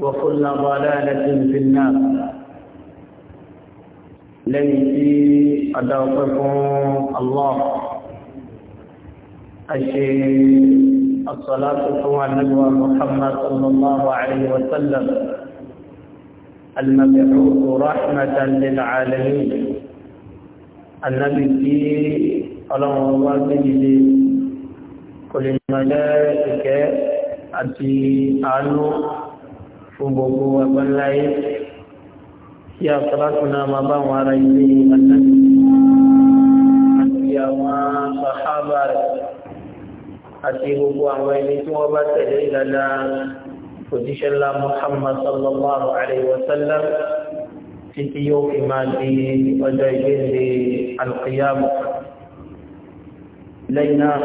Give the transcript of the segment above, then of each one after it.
وكل ضلالة في النار lẹ́yìn tí ọ̀dá ọpẹ́ fún Allah a ṣe asọ́látò fún ànábíwá Muhammad sallallahu alayhi wa sallam al-mabu'uth rahmatan lil alamin annabi tí ọlọ́run wá gbẹ́jìdé kò lè mọ̀lẹ́ ìkẹ́ àti àánú fún gbogbo agbáńláyé kí àfọlásùnà máa bá àwọn ará ilé àtàkì àti àwọn sàhábà rẹ̀ àti gbogbo àwọn ẹni tí wọ́n bá tẹ̀lé ìlànà òjíṣẹ́ ńlá Muhammad sallallahu alayhi wa sallam títí yóò fi máa di ọjọ́ ìgbéǹde alqiyama lẹ́yìn náà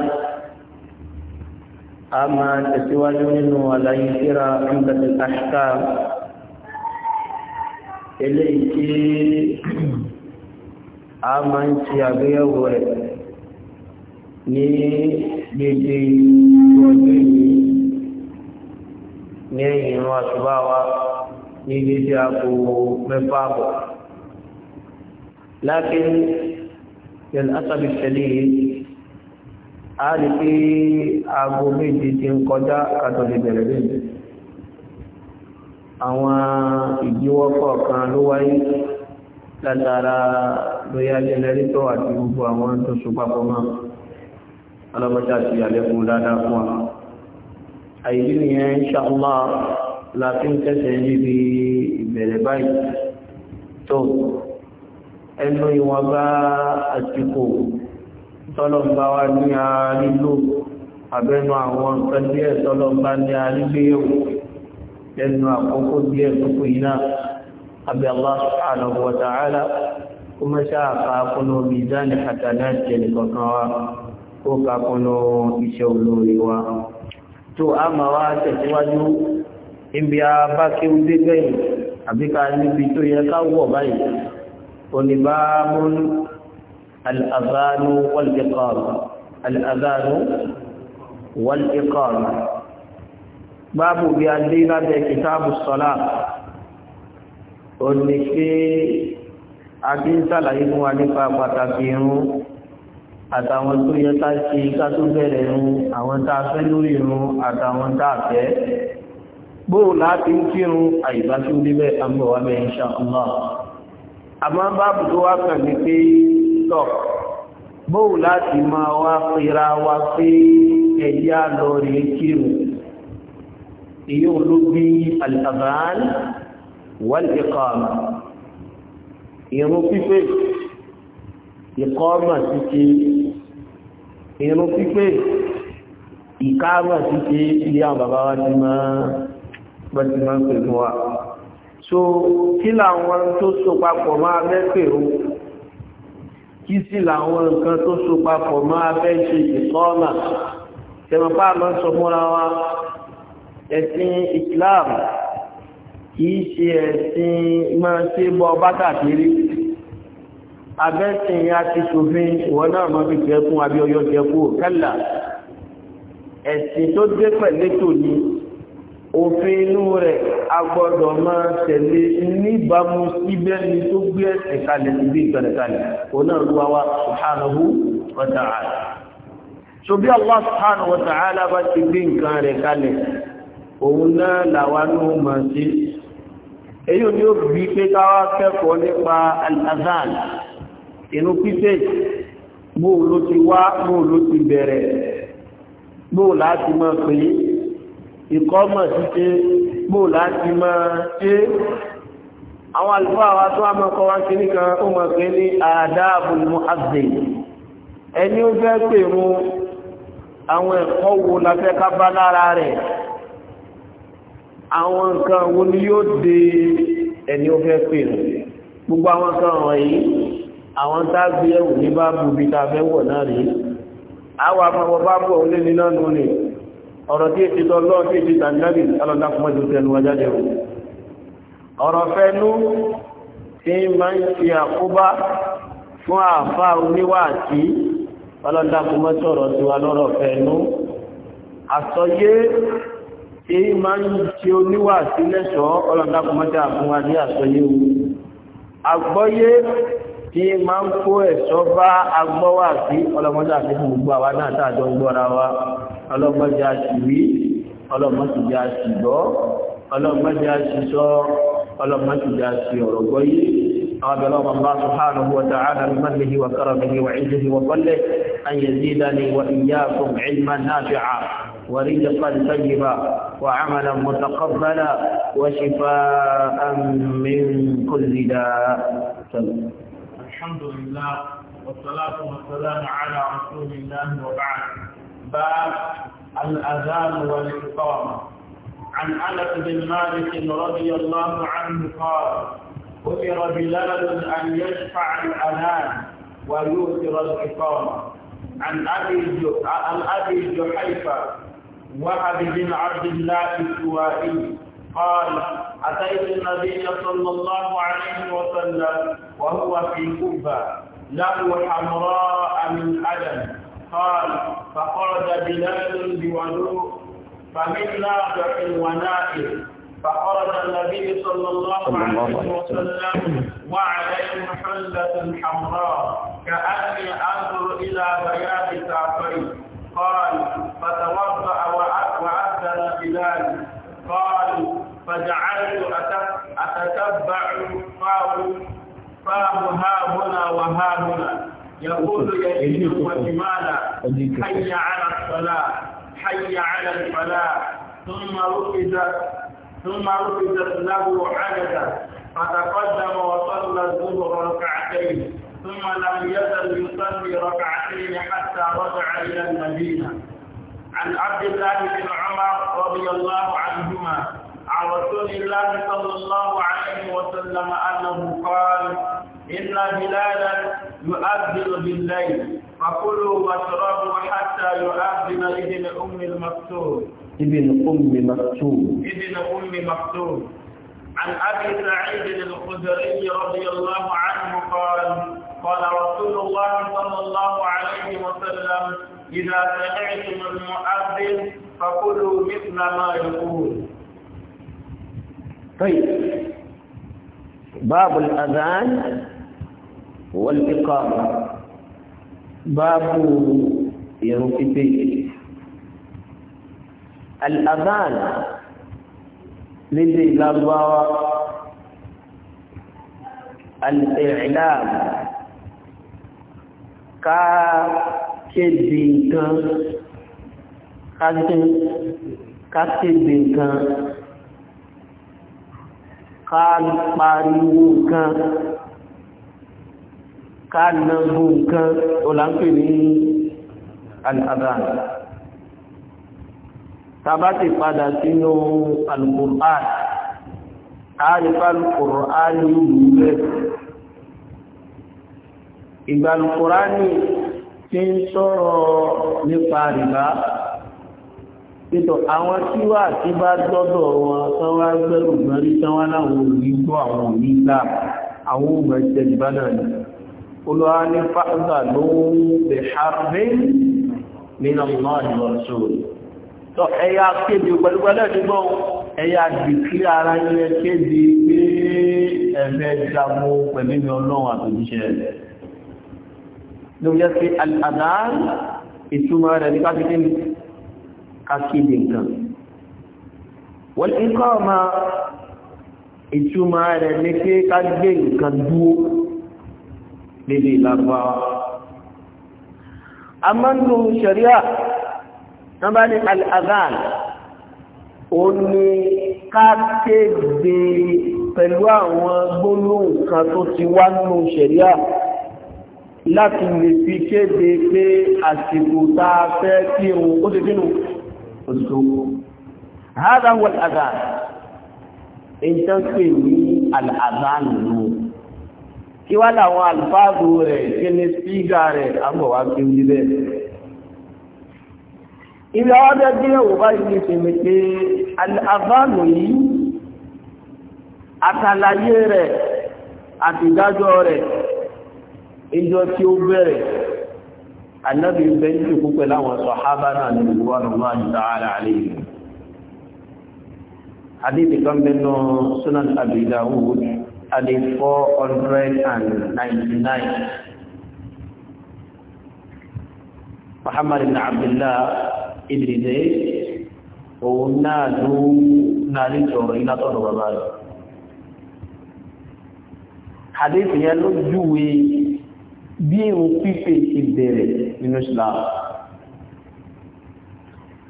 a máa tẹ̀síwájú nínú àlàyé síra ọ̀gbẹ̀tẹ̀ àṣíká eléyìí tí a máa ń ṣe àgbéyẹ̀wò rẹ̀ ní gbèdé ọjọ́ yìí ní ìrìn àṣùbá wa ní gbèdé àpò mẹ́fà bọ̀. lákìn yẹn asábìsẹ̀lẹ̀ yìí a rí pé aago méje ti ń kọjá kàtọ̀ lè bẹ̀rẹ̀ lẹ́yìn àwọn ìdíwọ́ kọ̀ọ̀kan ló wáyé látara lóyá jẹnẹrétọ̀ àti gbogbo àwọn tó so papọ̀ mọ́ ọlọ́mọdá sí àlékún dáadáa fún wa àìdí nìyẹn insha Allah láti ń tẹ́sẹ̀ níbi ìbẹ̀rẹ̀ báyìí tó ẹnu ìwọ̀nba àsìkò tọ́lọ̀mbá wá ní ààrí ló àbẹ́nu àwọn nǹkan díẹ̀ tọ́lọ̀mbá ní ààrí gbé yóò lẹ́nu àkókò díẹ̀ tókù yìí náà àbẹ́ Allah subhanahu wa ta'ala kó mọ́ ṣáà ká kúnnú mizani ẹnìkọ̀ọ̀kan wá الأذان والإقامة الأذان والإقامة باب بيدينا بكتاب الصلاة òní pé àti ń sàlàyé fún wa nípa pàtàkì irun àtàwọn tó yẹ ká ṣe ká tó bẹ̀rẹ̀ irun àwọn tá a fẹ́ lórí irun àtàwọn tá a fẹ́ bóò láti ń kírun àìbá tó débẹ̀ àmọ́ àmọ́ báàbù tó wá ní pé lọ bóò láti máa wá pera wa pé ẹ̀yà lọ rèé kírun èyí olóbi al-adhan wal-iqama ìrun pípé ìkọ́mà títí ìrun pípé ìkámà títí ilé àwọn bàbá wa ti máa bẹ́ti máa ń pè so kí làwọn tó so papọ̀ máa mẹ́pẹ̀rún kí sí làwọn nǹkan tó so papọ̀ máa fẹ́ ṣe ìkọ́ọ̀mà tẹ̀mọ̀pá lọ sọ fúnra wa ẹ̀sìn Islam kìí ṣe ẹ̀sìn máa ṣe bọ́ bákàkiri abẹ́sìn ya ti ṣòfin ìwọ náà mọ́ fi jẹ́ fún abíọ́yọ́ jẹ́ kú kẹ́là ẹ̀sìn tó dé pẹ̀lẹ́tò ni òfin inú rẹ̀ a gbọ́dọ̀ máa tẹ̀lé níbàámu síbẹ̀ ni tó gbé ẹ̀sìn kalẹ̀ níbi ìgbàlẹ̀ kalẹ̀ òun náà lu àwa subhanahu wa ta'ala so bí Allah subhanahu wa ta'ala bá ti gbé nǹkan rẹ̀ kalẹ̀ òun náà làwa náà máa ṣe bóò láti máa pè é ìkọ́mọ̀ títẹ́ gbò láti máa ṣe àwọn àlùfáà wa tó àmọ́ kọ́ wá kí nìkan ó mọ̀ pé ní àdáàbò mú àgbè ẹni ó fẹ́ pè mú àwọn ẹ̀kọ́ wo la fẹ́ ká bá lára rẹ̀ àwọn nǹkan wo ni yóò de ẹni ó fẹ́ pè mú gbogbo àwọn nǹkan wọ̀nyí àwọn tá a gbé ẹ̀wù ní bá bu bí ta fẹ́ wọ̀ náà rí àwọn àpapọ̀ bá bọ̀ ó lé ní náà lónìí ọ̀rọ̀ tí èsì tọ́lọ́ tí èsì tàbí alọ́dá fún ẹjù tẹnu ajáde rò ọ̀rọ̀ fẹ́nú tí ma ń fi àkóbá fún àfá oníwàtí alọ́dá fún mọ́tí ọ̀rọ̀ tí wà lọ́rọ̀ fẹ́nú àsọyé tí ma ń ti oníwàtí agbọ́yé tí máa ń kó ẹ̀ṣọ́ bá agbọ́wà sí ọlọ́mọdé àti fún gbogbo àwa náà tààjọ gbọ́ra wa ọlọ́mọdé àṣìwí ọlọ́mọdé àṣìgbọ́ ọlọ́mọdé àṣìṣọ́ ọlọ́mọdé àṣì ọ̀rọ̀ gbọ́yé àwọn abẹ́lẹ́ ọmọ bá subhanahu wa ta'ala bimanihi wa وعملا متقبلا وشفاء من كل داء الحمد لله والصلاة والسلام على رسول الله وبعد باب الأذان والإقامة عن أنس بن مالك رضي الله عنه قال أمر بلال أن يشفع الأذان ويؤثر الإقامة عن أبي عن أبي جحيفة وهب بن عبد الله السوائي قال أتيت النبي صلى الله عليه وسلم وهو في كوفة له حمراء من أدم قال فخرج بلال بوضوء فمنا دع ونائر فخرج النبي صلى الله عليه وسلم وعليه حلة حمراء كأني أنظر إلى بياض كعبيه قال فتوضأ وأكل فجعلت أتتبع فاه فاه ها هنا وها هنا يقول يمين وجمالا حي على الصلاة حي على الفلاح ثم ركزت ثم ركزت له عددا فتقدم وصلى الظهر ركعتين ثم لم يزل يصلي ركعتين حتى رجع إلى المدينة عن عبد الله بن عمر رضي الله عنهما عن رسول الله صلى الله عليه وسلم أنه قال إن بلالا يؤذن بالليل فكلوا واشربوا حتى يؤذن ابن أم المكتوم ابن أم مكتوم ابن أم مكتوم عن أبي سعيد الخدري رضي الله عنه قال قال رسول الله صلى الله عليه وسلم إذا سمعتم المؤذن فكلوا مثل ما يقول طيب باب الأذان والإقامة باب يرقبي الأذان لذي لله الإعلام كا kéde nǹkan ká kéde ká pariwo nǹkan ká nàgbò nǹkan ọ̀làǹpẹ̀ ní al-adhan tàbátì padà sínú al-Qur'an àrífà quran yìí rẹ̀ ìgbà al-Qur'an tí ń sọ̀rọ̀ Ètò àwọn tí wà tí bá gbọ́dọ̀ wọn tán wá gbẹ́rù gan rí tán wá láwọn òní gbọ́ àwọn òní gbà àwọn òmọ̀ ẹ̀jẹ̀ ìbádà ni. Olúwa ní fáńdà ló ń bẹ̀ ṣàbẹ́ nínú ọmọ ìwọ̀ sóòrò. Tọ́ ẹ̀yà kéde pẹ̀lúpẹ̀lú ẹ̀dúgbọ́ kákéde nǹkan wọ́n ti kọ́ ọmọ ìtumọ̀ rẹ̀ ní pé ká gbé nǹkan dúó lédè ìlàgbàwà a máa ń ṣẹ̀ríà tán bá ní al-adhan ó ní ká kéde pẹ̀lú àwọn gbólóhùn kan tó ti wá nínú ṣẹ̀ríà láti lè fi kéde pé àsìkò tá fẹ́ kírun ó ti dínú السوق هذا هو الأذان إن تسمي الأذان نور kí wá láwọn alfáàdù rẹ̀ kí ní spígà rẹ̀ agbọ̀wá kí ó jí bẹ́ẹ̀. ibi àwọn ọdẹ́gbẹ́ wò bá yìí fi mi pé àbánù yìí ànábì ń bẹ ní ìkú pẹ̀lú àwọn sọ̀hábà náà ní ìwà nàmá ìdáhàrà àlèyé àdéhìí kan bẹnu sunan Abi Dawud 499 Muhammad ibn Abdullah ibn Zayd òun náà ló náà lè sọ̀rọ̀ iná tọ́nà bàbá rẹ̀ àdéhìí yẹn ló júwe bí irun pípé ti bẹ̀rẹ̀ nínú islam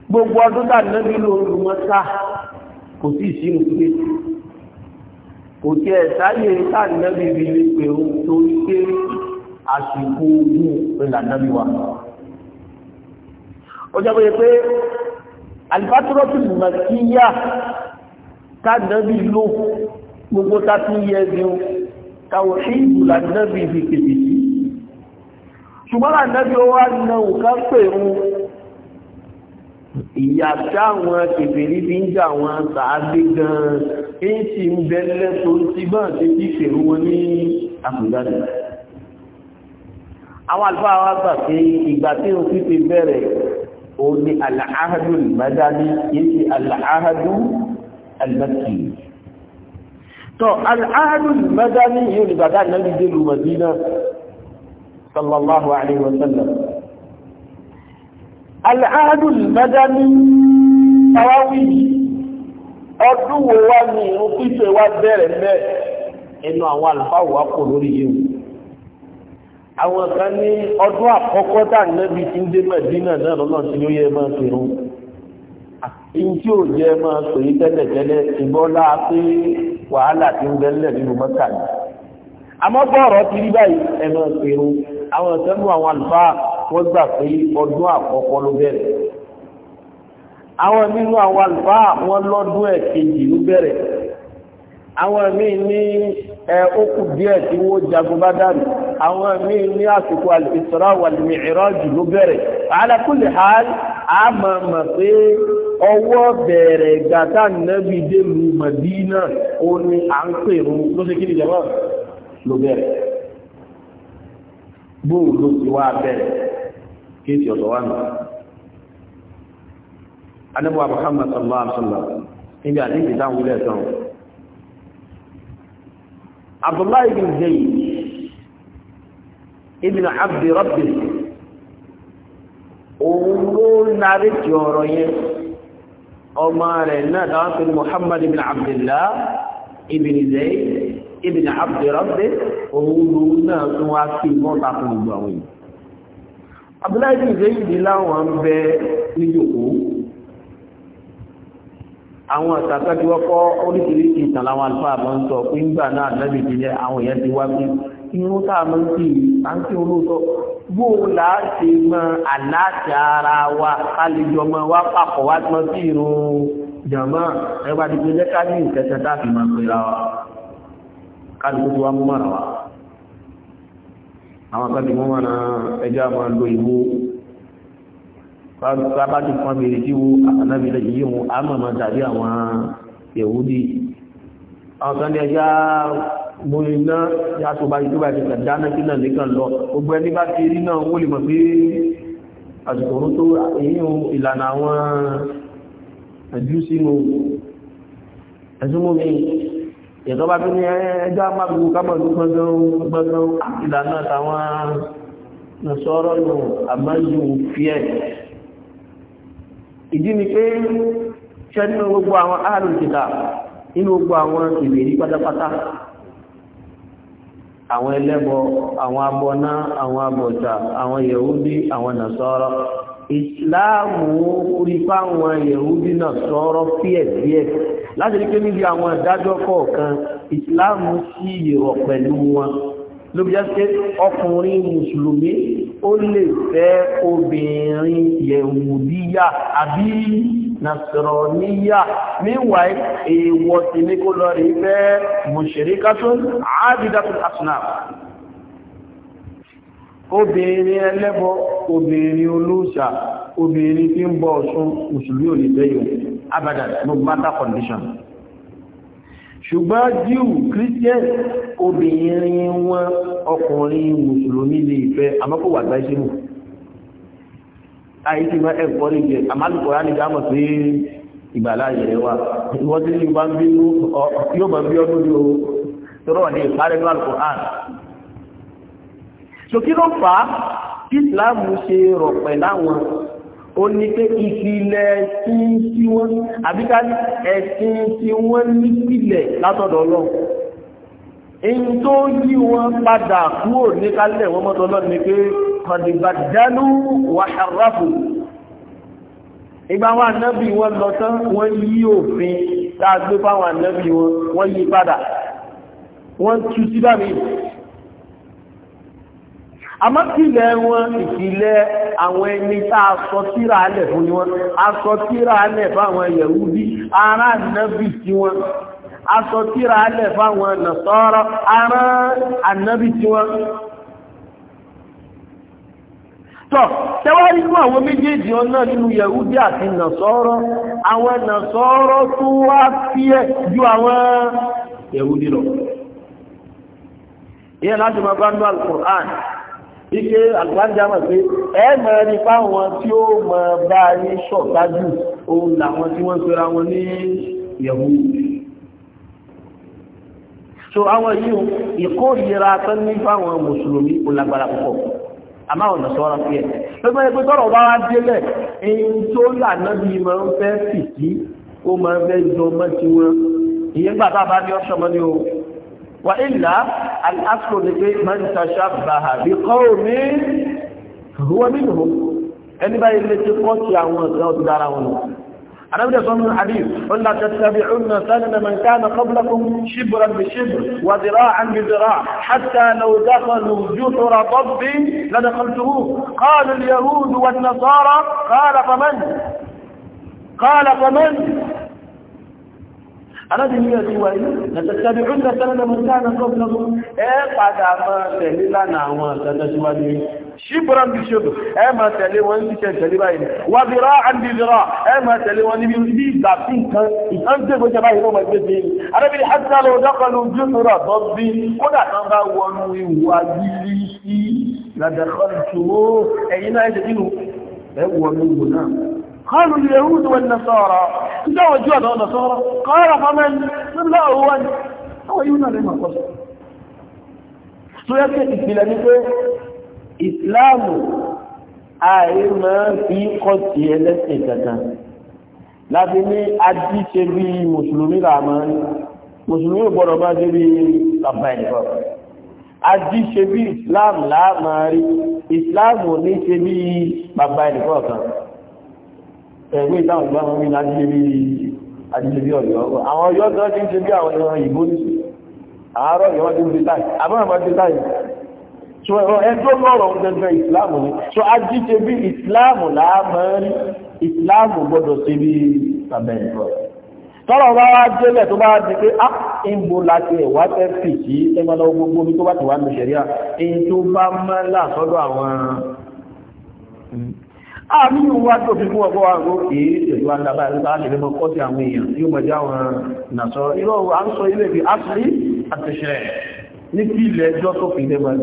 gbogbo ọdún tá nẹ́bí lóru mọ́ta kò sí ìsínú pípé kò tí ẹ̀ sáyé tá nẹ́bí rí lè pè ó torí pé àsìkò ogun ìlà nẹ́bí wa ó jẹ́ pé pé alifatirọ́tì mọ̀kíyà tá nẹ́bí lò gbogbo tá tún yẹ ẹgbẹ́ táwọn ṣíìbù là nẹ́bí fi ṣùgbọ́n ànábì ó wá na òkà pè mú ìyà táwọn kèfèrí fi ń jà wọn sàádé gan ń sì ń bẹ́lẹ́ tó ti bọ́n ti ti fèrú wọn ní àkùnjáde àwọn àlùfáà wa gbà pé ìgbà tí o fi fi bẹ̀rẹ̀ o ní àlàáhàdù ìbádání kìí ṣe àlàáhàdù àlùbákì tó àlàáhàdù ìbádání yóò ní náà صلى الله عليه وسلم العهد المدني تراويح ọdún واني wá ní irun pípé wá bẹ̀rẹ̀ mẹ́ inú àwọn àlùfáà wà kò lórí yìí àwọn kan ní ọdún àkọ́kọ́ tá nẹ́bí tí ń dé mẹ́dínà náà lọ́nà tí ó yẹ máa pè rún in tí ò jẹ́ máa pè é tẹ́lẹ̀tẹ́lẹ̀ ìbọ́lá pé wàhálà ti ń bẹ́lẹ̀ nínú mọ́tà ni àmọ́ gbọ́ ọ̀rọ̀ ti rí báyìí ẹ máa pè rún àwọn ìtẹ́nu àwọn àlùfáà wọ́n gbà pé ọdún àkọ́kọ́ ló bẹ̀rẹ̀ àwọn nínú àwọn àlùfáà wọ́n lọ́dún ẹ̀kejì ló bẹ̀rẹ̀ àwọn míì ní ẹ ókù díẹ̀ tí wọ́n jagun bá dànù àwọn míì ní àsìkò al-Isra wal ló bẹ̀rẹ̀ ala kulli hal àmọ́ mọ̀ pé ọwọ́ bẹ̀rẹ̀ gàtà nẹ́bí dé lu ó ní à ń pè ló bẹ̀rẹ̀ bóòlù ti wá bẹ̀rẹ̀ kéèsì ọ̀tọ̀ wà nù anábọ̀ Muhammad sallallahu alaihi wasallam níbi àdíjì táwọn ilẹ̀ tán Abdullahi bin Zayd ibn Abdi Rabbi òun ló narí ti ọ̀rọ̀ yẹn ọmọ rẹ̀ náà dáwọn pẹ̀lú Muhammad ibn Abdullah ibn Zayd ibn abd rabbi òun lòun náà tún wá sí mọ́ta fún gbogbo àwọn èèyàn abdullahi bin zayd láwọn ń bẹ níjòkó àwọn àtàkàtí wọ́pọ̀ oríṣiríṣi ìtàn láwọn alfáà bọ́ ń sọ pé ńgbà náà lẹ́bí ti jẹ́ àwọn èèyàn ti wá pé irun tá a máa ń bó o mọ àláṣà ara wa kálíjọ mọ wá papọ̀ wá tán sí irun jàmọ́ ẹ bá ìkẹsẹ̀ tá a fi máa wa kálukú wa mú mọ́ra kan ti mú mọ́ra ẹjọ́ àwọn lo ìwo bá ti fún abèrè tí wo ànábi lè yí wọn a mọ̀ máa dàbí àwọn yẹ̀wúdí àwọn kan ní ẹjọ́ mo lè ná yá tó bá yíjú bá ti kà dáná sí náà nìkan lọ gbogbo ẹni bá ti rí náà wó lè mọ̀ pé àsìkò tó èyí ìlànà àwọn ẹ̀jú sínú ẹ̀sùn mú mi ìyẹ̀tọ́ bá tó ní ẹjọ́ amábìwò kábọ̀lú gbọ́gbọ́n ìlànà táwọn nàṣọ́rọ̀ nù àmáyù fíẹ̀ ìdí ni pé ṣẹ́ nínú gbogbo àwọn àrùnkìtà nínú gbogbo àwọn ìbèrí pátápátá àwọn ẹlẹ́bọ àwọn abọ́ná àwọn abọ̀tà àwọn yẹ̀húdí àwọn nàṣọ́rọ̀ ìsìláàmù yẹ̀húdí láti rí pé níbi àwọn ìdájọ́ kọ̀ọ̀kan ìsìláàmù sí ìrọ̀ pẹ̀lú wọn ló bí jẹ́ pé ọkùnrin mùsùlùmí ó lè fẹ́ obìnrin yẹ̀wùdíyà àbí nasrọ̀níyà meanwhile èèwọ̀ tí ní kó lọ rí fẹ́ mushrikatun abidatul asnam obìnrin ẹlẹ́bọ obìnrin olóòṣà obìnrin tí ń bọ Ọ̀ṣun mùsùlùmí ò lè fẹ́ yòó abadan no matter condition ṣùgbọ́n jíù christian obìnrin wọn ọkùnrin mùsùlùmí lè fẹ́ àmọ́kò wà gbá ìṣẹ́mù àìsí máa ẹ̀kọ́ lè jẹ àmàlùkọ̀ rá nìgbà mọ̀ sí ìgbàlá ìrẹ̀ wa ìwọ́n tí ní bá ń bí yóò máa bí ọdún yóò tọrọ ní ìparẹ́ ní alukur'an so kí ló fà á islam ṣe rọ̀pẹ̀ láwọn ó ní pé ìpìlẹ̀ ẹ̀sìn tí wọ́n àbíká ẹ̀sìn tí wọ́n nípìlẹ̀ látọ̀dọ̀ ọlọ́run èyí tó yí wọn padà kúrò ní kálẹ̀ wọn mọ́tọ́ ọlọ́run ni pé kọ̀dìgbàdánú wàhálàfù ìgbà wọn ànábì wọn lọ tán wọ́n yí òfin tá a gbé fáwọn ànábì wọn wọ́n yí padà wọ́n tú sí bàmí àmọ́kìlẹ̀ wọn ìpìlẹ̀ àwọn ẹni tá a sọ tíra alẹ̀ fún wọn a sọ tíra alẹ̀ fáwọn yẹ̀húdí ara ànábì tí wọn a sọ tíra alẹ̀ fáwọn nàṣọ́rọ̀ ara ànábì tí wọn tọ́ tẹwárí fún àwọn méjèèjì ọ̀nà nínú yẹ̀húdí àti nàṣọ́rọ̀ àwọn nàṣọ́rọ̀ tó wá fíẹ̀ ju àwọn yẹ̀húdí lọ ike àgbàjámọ̀ pé ẹ mọ̀ ní fáwọn tí ó mọ̀ bá ní ṣọ̀tájú ohun làwọn tí wọ́n pera wọn ní yẹ̀wò so àwọn yìí ìkórìíra tán ní fáwọn mùsùlùmí kò lágbára púpọ̀ àmá ọ̀nà sọ́ra fi ẹ̀ pẹ́pẹ́ ẹgbẹ́ tọ́rọ̀ bá wá délẹ̀ èyí tó lànà bí máa ń fẹ́ fìtí ó máa ń fẹ́ jọmọ́ tí wọ́n ìyẹn gbà tá bá ní ọ́ṣọ́mọ́ ní o وإلا الأصل لبيت من تشبه بقوم هو منهم أن بأي اللي تقوت يا أمنا أنا بدي أصنع من الحديث قل لا تتبعون سنن من كان قبلكم شبرا بشبر وذراعا بذراع حتى لو دخلوا جثر ضب لدخلته قال اليهود والنصارى قال فمن قال فمن alábìnrin ẹ̀sùn wà yìí lẹ́tẹ̀tẹ̀bí ọjọ́ tẹ́lẹ̀ mọ̀tánà gọ́ọ̀nàgún ẹ padà mọ́ tẹ̀lé lánà àwọn àtẹ́tẹ̀síwájú ṣíbùrán bí ṣòdù ẹ máa tẹ̀lé wọn ní ṣe tẹ̀lé báyìí wà bí rá àndì rá ẹ máa tẹ̀lé wọn níbi bí ìgbà sí nǹkan ìkan tó gbé jẹba ìwọ̀n ẹgbẹ́ sí i arábìnrin hajjá lọ dákọlù jùmùrà tó bí kódà tán bá wọnú ìwò agbílí sí ládàkọlù ṣòwò ẹ̀yìn náà قالوا اليهود والنصارى لا وجود النصارى قال فمن من لا هو àwọn yíò náà lè máa kọ́sọ̀ tó yẹ́ pé ìpìlẹ̀ ní pé ìsìláàmù ààrẹ máa fi kọ́ ti ẹlẹ́sìn kankan láti ní adíṣe bí mùsùlùmí làmọ́ mùsùlùmí ò gbọ́dọ̀ máa dé bí bàbá ẹ̀kọ́ adíṣe bí ìsìláàmù làmọ́ rí ìsìláàmù ní ṣe bí bàbá ẹ̀kọ́ kan ẹ̀wé ìdáhùn gbá wọn ní adíṣebí ọ̀yọ́ àwọn ọ̀yọ́ tó ti ń ṣe bí àwọn ẹran ìbò ní àárọ̀ ìwọ́n ti ń fi táì àbọ̀ràn bá ti táì so ẹjọ́ lọ́rọ̀ ń gẹ́gẹ́ ìsìláàmù ni so adíṣebí ìsìláàmù láàmọ́rí ìsìláàmù gbọ́dọ̀ sí bí tàbẹ̀ ìbọ̀ tọ́rọ̀ bá wá délẹ̀ tó bá di pé á ah, ìbò láti ẹ̀wà tẹ́ fì sí ẹgbẹ́lọ gbogbo omi tó bá ti wà ní àmì ìwà tó fi fún ọgbọ́ àgbó kìí ìlú alábá ẹ̀lú tàà lè mọ́ kọ́ sí àwọn èèyàn yóò mọ̀ já wọn nàṣọ irọ́ à ń sọ ilé ìbí áṣìlì àtẹ̀ṣẹ̀ ní kí ilẹ̀ ẹjọ́ tó fi lè máa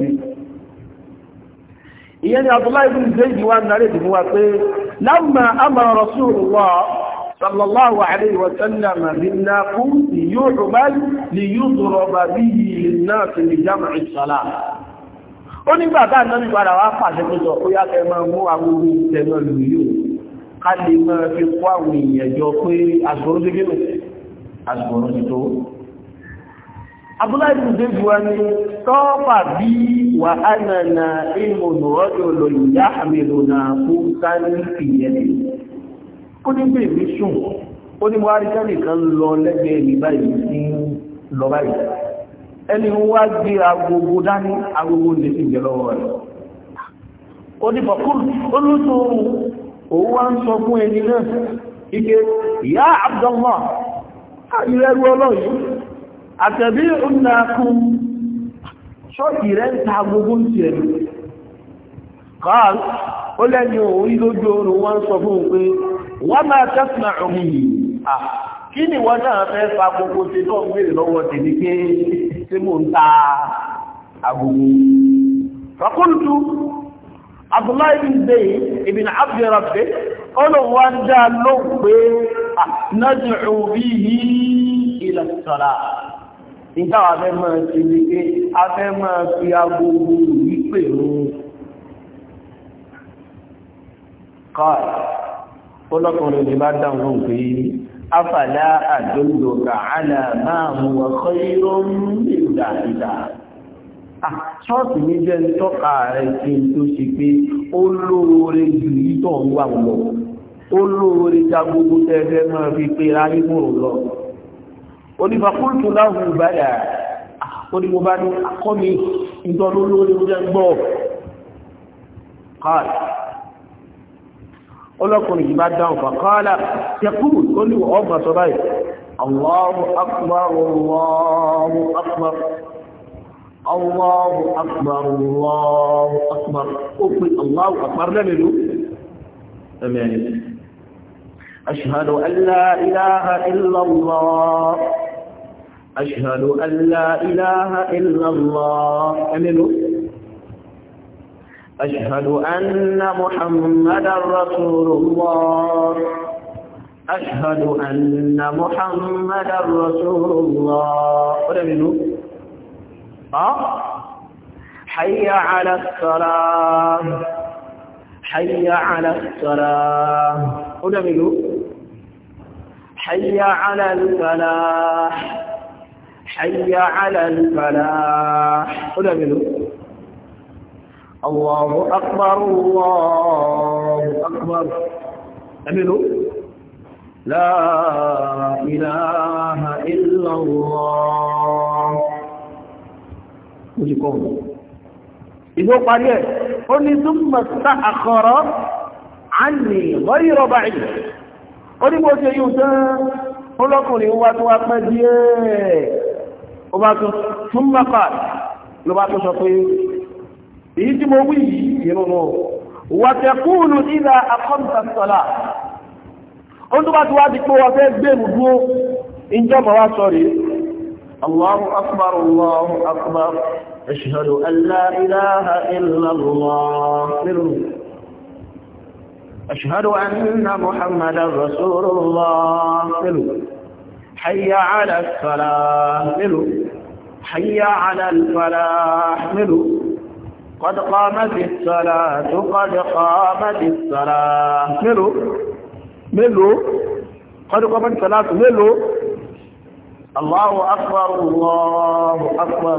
ìyẹn ni Abdullahi ibn Zayd wá narí ìdìbò wa pé lámà amara Rasulullah sallallahu alayhi wa sallam bin-naqus yu'mal li yudraba bihi lin-nas li jam'i as-salat ó nígbà tá náà nípadà wá pàṣẹ pé sọ ó yá kẹ máa mú àwọn orí ìtẹ náà lù yìí o ká lè máa fi kó àwọn èèyàn jọ pé àsìkò ti gbé àsìkò ti tó abúláìdì débi wa ni tọ́ọ̀pà bí wà á nà nà ìmọ̀nà ọ̀dọ̀ olóyìnbá àmìlò náà kó sáré ìyẹnì ó ní bèbí sùn lẹ́gbẹ̀ẹ́ lọ báyìí ẹni wá gbé agogo dání agogo lè fi jẹ́ lọ́wọ́ rẹ̀ ó ní fọ̀kúrù olóòtú ohun òun wá ń sọ fún ẹni náà ike ìyá Abdullah ìrẹ́rú ọlọ́yìn agogo ń tiẹ̀ kọ́ọ̀lù ó lẹ́ni òun lójú oòrùn nsogbu sọ fún un pé wọ́n máa tẹ́sìnà òun yìí kí ni wọ́n náà fẹ́ fa gbogbo ti tí mò ń ta agogo fàkúntù abdullahi bin zayi ibi na abdurrabbe olùwà ń dá ló pé nájùrù bí i ilẹ̀ sọ́lá nígbà wà fẹ́ máa ti ní pé a fẹ́ máa fi agogo wípé rún kọ́ ọlọ́kùnrin bá dáhùn lóhùn afàlá àdúgbòkà alàmà àwọn ọkọ̀ irun nígbà ìdá ah, ṣọ́ọ̀tì ní jẹ́ tọ́ka rẹ̀ tí tó ṣe pé ó lóore jù ìtọ̀ ń wà lọ ó lóore já gbogbo tẹ́ẹ̀fẹ́ náà fi pé ráyé mò ń lọ onífàkúrùtù láhùn ìbáyà ọlọ́kùnrin yìí bá dáhùn fàkọ́lá tẹkùrù tó ní ọgbà sọ báyìí Allahu akbar Allahu akbar Allahu akbar Allahu akbar ó pè Allahu akbar lẹ́mẹ̀lú ẹ̀mẹ̀rin ashhadu an la ilaha illa Allah ashhadu ilaha illa Allah ẹ̀mẹ̀lú أشهد أن محمدا رسول الله أشهد أن محمدا رسول الله ولمنه أه حي على الصلاة حي على الصلاة ولمنه حي على الفلاح حي على الفلاح ولمنه Allahu akbar Allahu akbar ẹ̀mìnú la ilaha illa Allah ó ti kọ́ ìgbó parí ẹ̀ ó ní súnmọ̀ sá àkọrọ ánì lọ́yìnrọ̀ báyìí ó ní bó ṣe yíò tán ọlọ́kùnrin ايتي موي ينونو وتقول اذا اقمت الصلاه انت بعد واحد تو واجب بينو دو ان جاما سوري الله اكبر الله اكبر اشهد ان لا اله الا الله اشهد ان محمد رسول الله حي على الصلاه حي على الفلاح قد قامت الصلاة قد قامت الصلاة ملو ملو قد قامت الصلاة ملو الله أكبر الله أكبر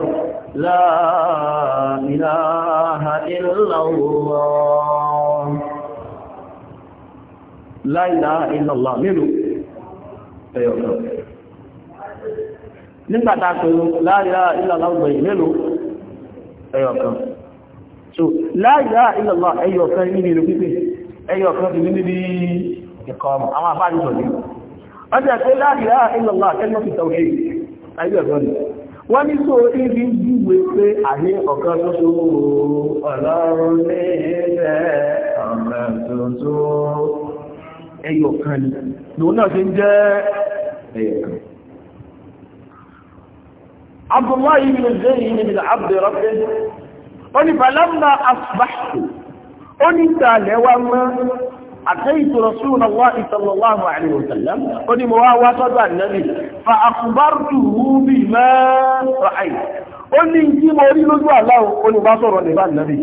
لا إله إلا الله لا إله إلا الله ملو ẹyọ nígbàtà pẹ̀lú لا إله إلا الله mélòó ẹyọ أيوة. so la ilaha illallah ẹyọ kan níbi ìlú pípé ẹyọ kan ti níbi ìkọ ọmọ àwọn àbájú sọ̀dí wọ́n jẹ́ pé la ilaha illallah kẹ́lọ́ fi tàwọn èyí ayé ẹ̀kọ́ ni wọ́n ní sọ ibi júwe pé àní ọ̀kan ṣoṣo ọlọ́run ní ilẹ̀ ọ̀rẹ́ tuntun ẹyọ kan ni lòun náà ṣe ń jẹ́ ẹyọ Abd Rabbih ó ní balamma asbáṣù ó ní ìtàlẹ̀ wa mọ́ àtẹ́yìtò rọ̀súnà wá ìsọ̀lọ̀láàmù àríwọ̀sẹ̀lẹ̀ ó ní mo wá wá sọ́dọ̀ ànábì fa àkùbárùtù rúbì mẹ́rọ̀ àì ó ní tí mo rí lójú àláwọ̀ ó ní bá sọ̀rọ̀ nípa ànábì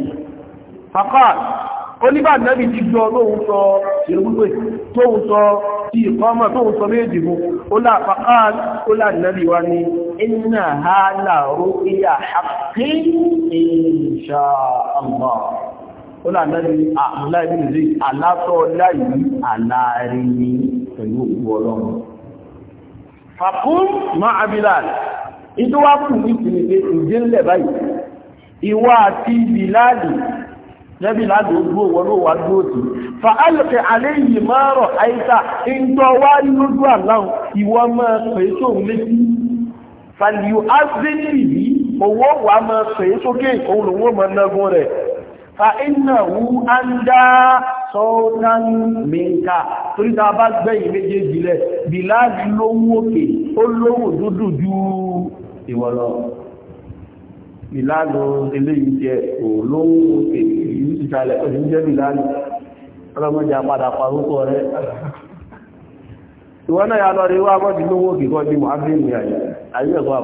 oníbà nẹ́bí ti jọ lóhun sọ ìrúgbé tóhun sọ ti ìkọ́mọ̀ tóhun sọ méjì mú ó láàpàá ó láàrínẹ́bí wá ní iná ha láàrú ìyà àkí insha Allah ó láàrínẹ́bí àmúláìbìnrin alátọ́ ah, láì aláàrin ní pẹ̀lú òkú ọlọ́run fàkún máa abilal ìjọwà kù ní ìpínlẹ̀ nẹ́bí láti ojú wọn ló wà ní òtù fa alẹ́kẹ̀ alẹ́ yìí máa rọ̀ àìsà ìjọ wá lójú àláhùn ìwọ máa pè é sóhun létí fàlìyò ásílì yìí owó wà máa pè é sókè òun lòun máa nágun rẹ̀ fa iná wú á ń dá torí tá a bá gbẹ̀yìn méjèèjì rẹ̀ bìláàdì lówó òkè ó lówó dúdú ju ìwọ ìlànà eléyìí jẹ òlówó èyí ti kalẹ̀ òní jẹ́ ìlànà ọlọ́mọdé apadà parúkọ rẹ̀ ìwọ́n náà yà lọ rí wá mọ́ dínlówó kíkọ́ ní mọ́bílì ní ó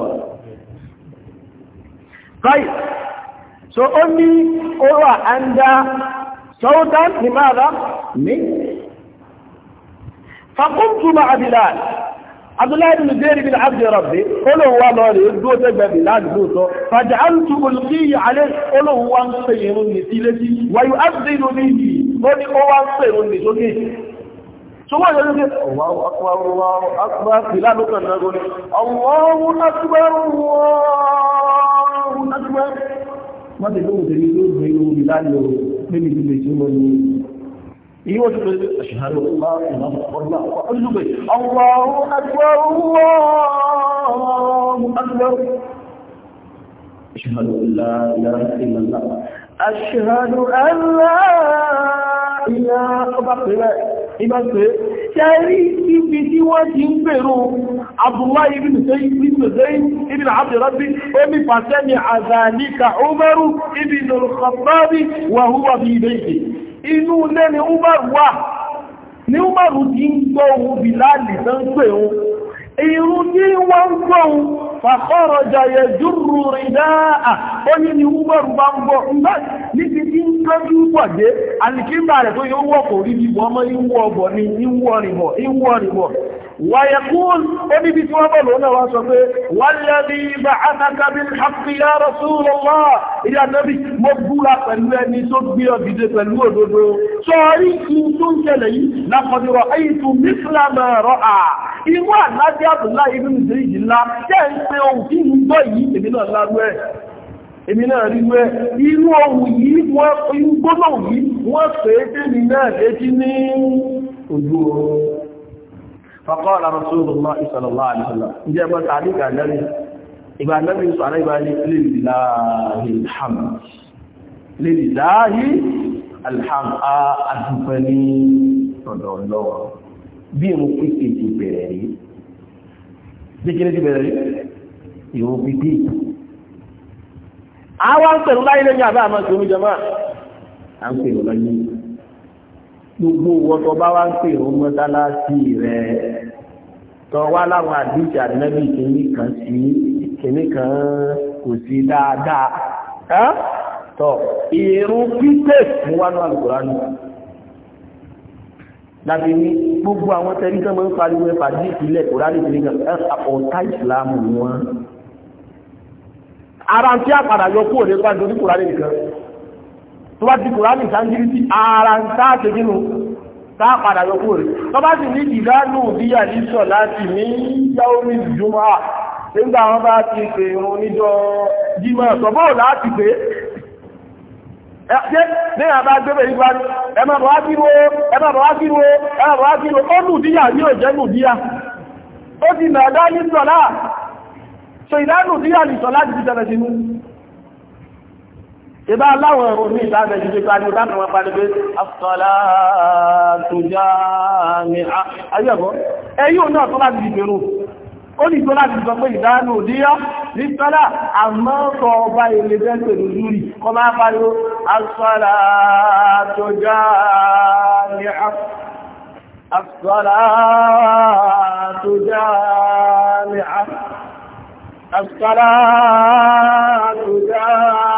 abdullahi bin zeri bin abdi rabbi olóhùn wa lọ rèé dúró tẹgbẹ bí láti lóòótọ́ fàjà àrùtù olùkíyì alẹ́ olóhùn wa ń pè irun ní sí létí wàyù abdínú ní yìí ó ní ó wá ń pè irun ní sókè ṣùgbọ́n ìyẹn lókè يقول أشهد الله إله أكبر الله وأعوذ الله أكبر الله أكبر أشهد أن لا إله إلا الله أشهد أن لا إله أكبر Abdullah ibn Zayd ibn Zayd ibn Abdurrabbi omi pàṣẹ ni àzàníkà Umaru ibn al-Khattabi wa huwa bi baytihi inú ilé ni Umaru wà ní Umaru ti ń gbọ́ ohun Bìláàlì tó ń pè ohun irun ní wọ́n ń gbọ́ ohun fàkọ́rọ̀ jàyẹ̀ ni Umaru bá ń gbọ́ níbi tí ń tọ́jú pọ̀dé àlìkíńbà rẹ̀ tó yóò wọ́pọ̀ rí ni ويقول أبي بتوابل هنا واسفه والذي بعثك بالحق يا رسول الله يا نبي مقبولة فلواني صدبية بذلك الوضو سوري كنتم كلي لقد رأيت مثل ما رأى إيوان النبي عبد الله بن زيد الله كان سيوتي من ضيي من الله èmi náà rí wẹ́ irú ohun yìí wọ́n irú gbọ́nà yìí wọ́n fẹ́ tẹ́mi náà létí ní ojú oorun فقال رسول الله صلى الله عليه وسلم جاء تعليق على النبي يبقى النبي صلى الله عليه وسلم لله الحمد لله الحمد أدفني ọ̀dọ̀ lọ́wọ́ bí mo pípé ti bẹ̀rẹ̀ rí bí kí ní ti bẹ̀rẹ̀ rí ìwò pípé àwọn ń pẹ̀lú láyé lẹ́yìn àbá àmọ́ ìṣòro jẹmọ́ à ń pẹ̀lú láyé gbogbo wọ́tọ̀ bá wá ń pè ó mọ́sálásí rẹ̀ tọ́ wá láwọn àdìsí ànábì kìíní kan sí kìíní kan kò sí dáadáa tọ́ ìrún pípẹ́ fún wánú àlùkùránù láti ní gbogbo àwọn tẹ́rí tán máa ń pariwo ẹ̀fà dí ìpínlẹ̀ kòrálì ìpínlẹ̀ kan ọ̀tá ìsìlámù wọn ara tí a yọ kúrò nípa nítorí kòrálì nìkan tó bá ti kùránì sáńjírí sí ara ń nínú tó bá sì ní ìdánù ní sọ láti ní ìjúmọ́ à nígbà wọn bá ti pè irun níjọ jímọ̀ sọ́bọ̀ láti pè ìbá aláwọ̀ ẹ̀rọ ní ìtàbẹ̀ jíjẹ́ káàkiri tánà wọn parí pé afọ́lá tó já ní ayẹ́bọ̀ ẹ̀yìn náà tó láti dìbèrò ó ní tó láti sọ pé ìdánù òdíyá ní sọ́lá àmọ́ ọba ilé bẹ́ẹ̀ lórí kọ máa pariwo afọ́lá tó ní afọ́lá tó ní afọ́lá tó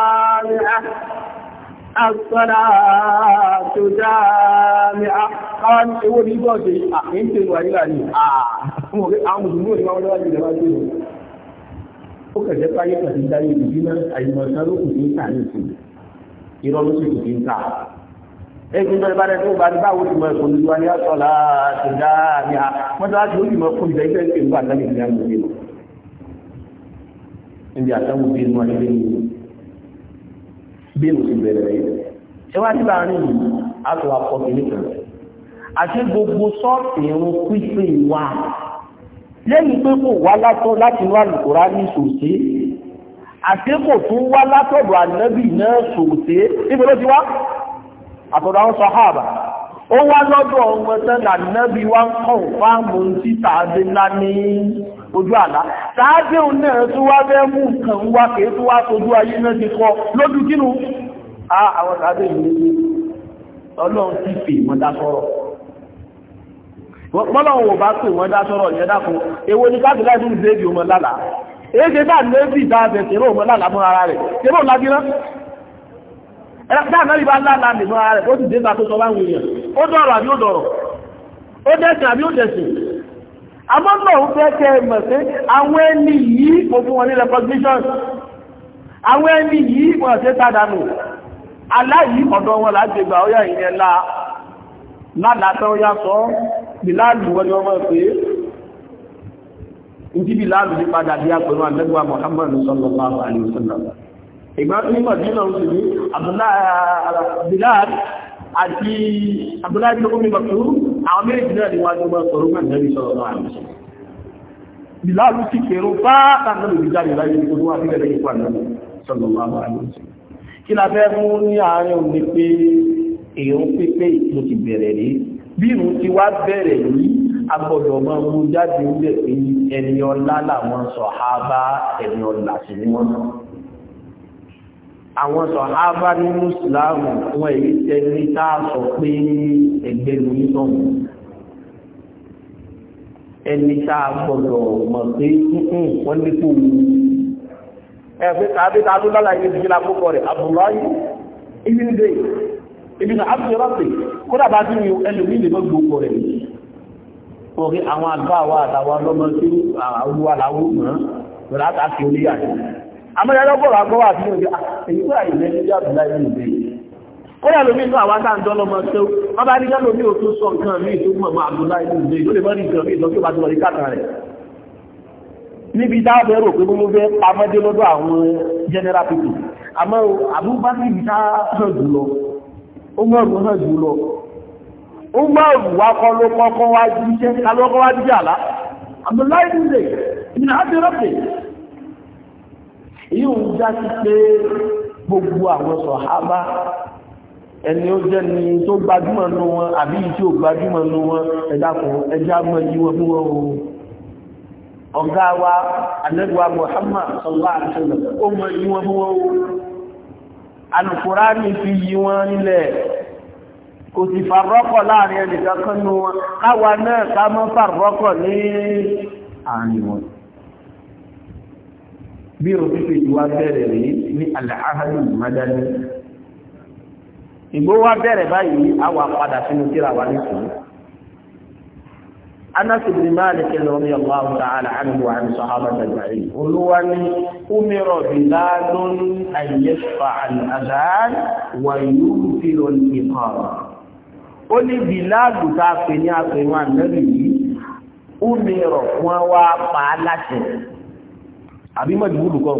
الصلاة جامعة قال هو دي بودي انت الوالي لاني اه هو عم دمور ما ولا دي ما دي ó kẹ̀jẹ́ báyé pẹ̀lú dáyé ìdí náà àyùmọ̀sán ló kù ní ìta ní ìsìn irọ́ ló sì kù ní ìta. ẹgbẹ́ bẹ́ẹ̀ bá dẹ́ tó bá ní báwo bí mo ti bẹ̀rẹ̀ yìí ṣe wá sí láàrin yìí a tó wá pọ̀ kìíní kan àti gbogbo sọ́ọ̀tì irun pípé wa lẹ́yìn pé kò wá látọ̀ láti wá lùkúrá ní sòṣé àti kò tún wá látọ̀dọ̀ ànábì náà sòṣé níbo ló ti wá àtọ̀dọ̀ àwọn sàhábà ó wá lọ́dọ̀ ọmọ tẹ́lá nẹ́bí wá ń kọ̀ fáàmù tí tàbí ńlá ní ojú àlá tàbí òun náà tó wá fẹ́ mú nǹkan wá kìí tó wá tójú ayé náà ti kọ lójú kínú àwọn tàbí ìlú ọlọ́run ti pè wọ́n dá sọ́rọ̀ mọ́lọ́run ò bá pè wọ́n dá sọ́rọ̀ yẹn dákun èwo ni káàkiri láti ń zéèdì ọmọ lálàá èyí ṣe bá nẹ́bí ìdá abẹ̀ṣẹ̀rọ̀ ọmọ lálàá mọ́ ara rẹ̀ ṣe bó lágbíràn ẹ̀rọ̀dá náà ibá láàlá lè mọ́ ààrẹ ó ti dé bá tó sọ bá wù yẹn ó dọ̀rọ̀ àbí ó dọ̀rọ̀ ó dẹ̀sìn àbí ó dẹ̀sìn amọ́nà ń fẹ́ kẹ́ mọ̀ sí àwọn ẹni yìí òfin wọn ní recognition àwọn ẹni yìí wọ́n ṣe tádànù aláyìí ọ̀dọ̀ wọn láti gbà ó yà ìyẹn la lálàtọ́ yá sọ bíláàlù wọn ni wọ́n mọ̀ pé ìdí bíláàlù ní padà bí apẹ̀rún àlẹ́gbà Muhammad sallallahu alaihi wasallam ìgbàtí ní Màdínà ń sì ní Abdullahi àti Abdullahi ló kúmí Bàtú, àwọn méjì náà ni wájú bá sọ̀rọ̀ mẹ́rin lórí sọ̀rọ̀ náà àmì. Bìláàlù ti kèrò fáátà náà lè jáde láyé tó wá sí ẹ̀rẹ́ ìpà náà sọ̀rọ̀ láwọn àmì. Kí la fẹ́ mú ní àárín òní ọmọ jáde ń bẹ̀ pé ẹni ọlá làwọn sọ̀hábá ẹni ọlá sí ni wọ́n náà àwọn sọ̀hábà ní mùsùlùmù wọn èyí tẹ́lẹ̀ tá a sọ pé ẹgbẹ́ lórí sọ̀rọ̀ ẹni tá a gbọ́dọ̀ mọ̀ pé wọ́n ní kò wù ẹ̀fẹ́ tàbí ta ló lọ́la yìí ti lápò kọ̀ rẹ̀ Abdullahi ibi ń dé ibi na abdulrọ́sì kódà bá tí mi ẹlòmí lè mọ́ gbogbo rẹ̀ orí àwọn àgbà wa àtàwọn ọlọ́mọ tí àwọn aláwọ̀ mọ́ rẹ̀ látàkì oníyàtì àmọ́ ẹlọ́gbọ̀rọ̀ àgbọ́wà sí ọjọ́ èyí wà ìlẹ́ ní àbúlá ìlú bẹ́ẹ̀ ó yà lómi nǹkan àwọn àtàǹdọ́ lọ́mọ tó wọ́n bá rí lọ́lọ́mí ò tún sọ nǹkan mí tó mọ̀ mọ́ àbúlá ìlú bẹ́ẹ̀ ló lè mọ́ ní nǹkan mí lọ́tí bá ti lọ rí kàtà rẹ̀ níbi dáàbẹ̀ rò pé mú fẹ́ pamọ́dé lọ́dọ̀ àwọn general people àmọ́ àbúbákì bí sáà hàn jùlọ ó mọ̀rún hàn jùlọ ó mọ̀rún wá kọ́ ló kọ́kọ́ wá jíṣẹ́ kálọ́kọ́ wá jíṣẹ́ àlá èyí ò ń já sí pé gbogbo àwọn sọ̀hábà ẹni ó jẹ́ ni tó gbajúmọ̀ nù wọn àbí tí ò gbajúmọ̀ nù wọn ẹ̀dàkùn ẹjá mọ́ yí wọn wọn o ọ̀gá wa anẹ́gbà Muhammad sallallahu alaihi wasallam ó mọ́ yí wọn fún wọn o Al-Qur'ani fi yí wọn nílẹ̀ kò sì bí òfin fi ti wá bẹ̀rẹ̀ rí ní àlàáhàlù mádání ìgbó wá bẹ̀rẹ̀ báyìí àwa padà sínú kíra wa ní sùn Anas ibn Malik radiyallahu ta'ala anhu wa an sahabati ajma'in olúwa ní umira bilalun an yashfa'a al-adhan wa yunfiru al ó ní bìláàlù tá a pè ní apẹ̀wọ̀n ànábì yìí umira wọn wá pa á láṣẹ àbí mọ̀júwúlù kan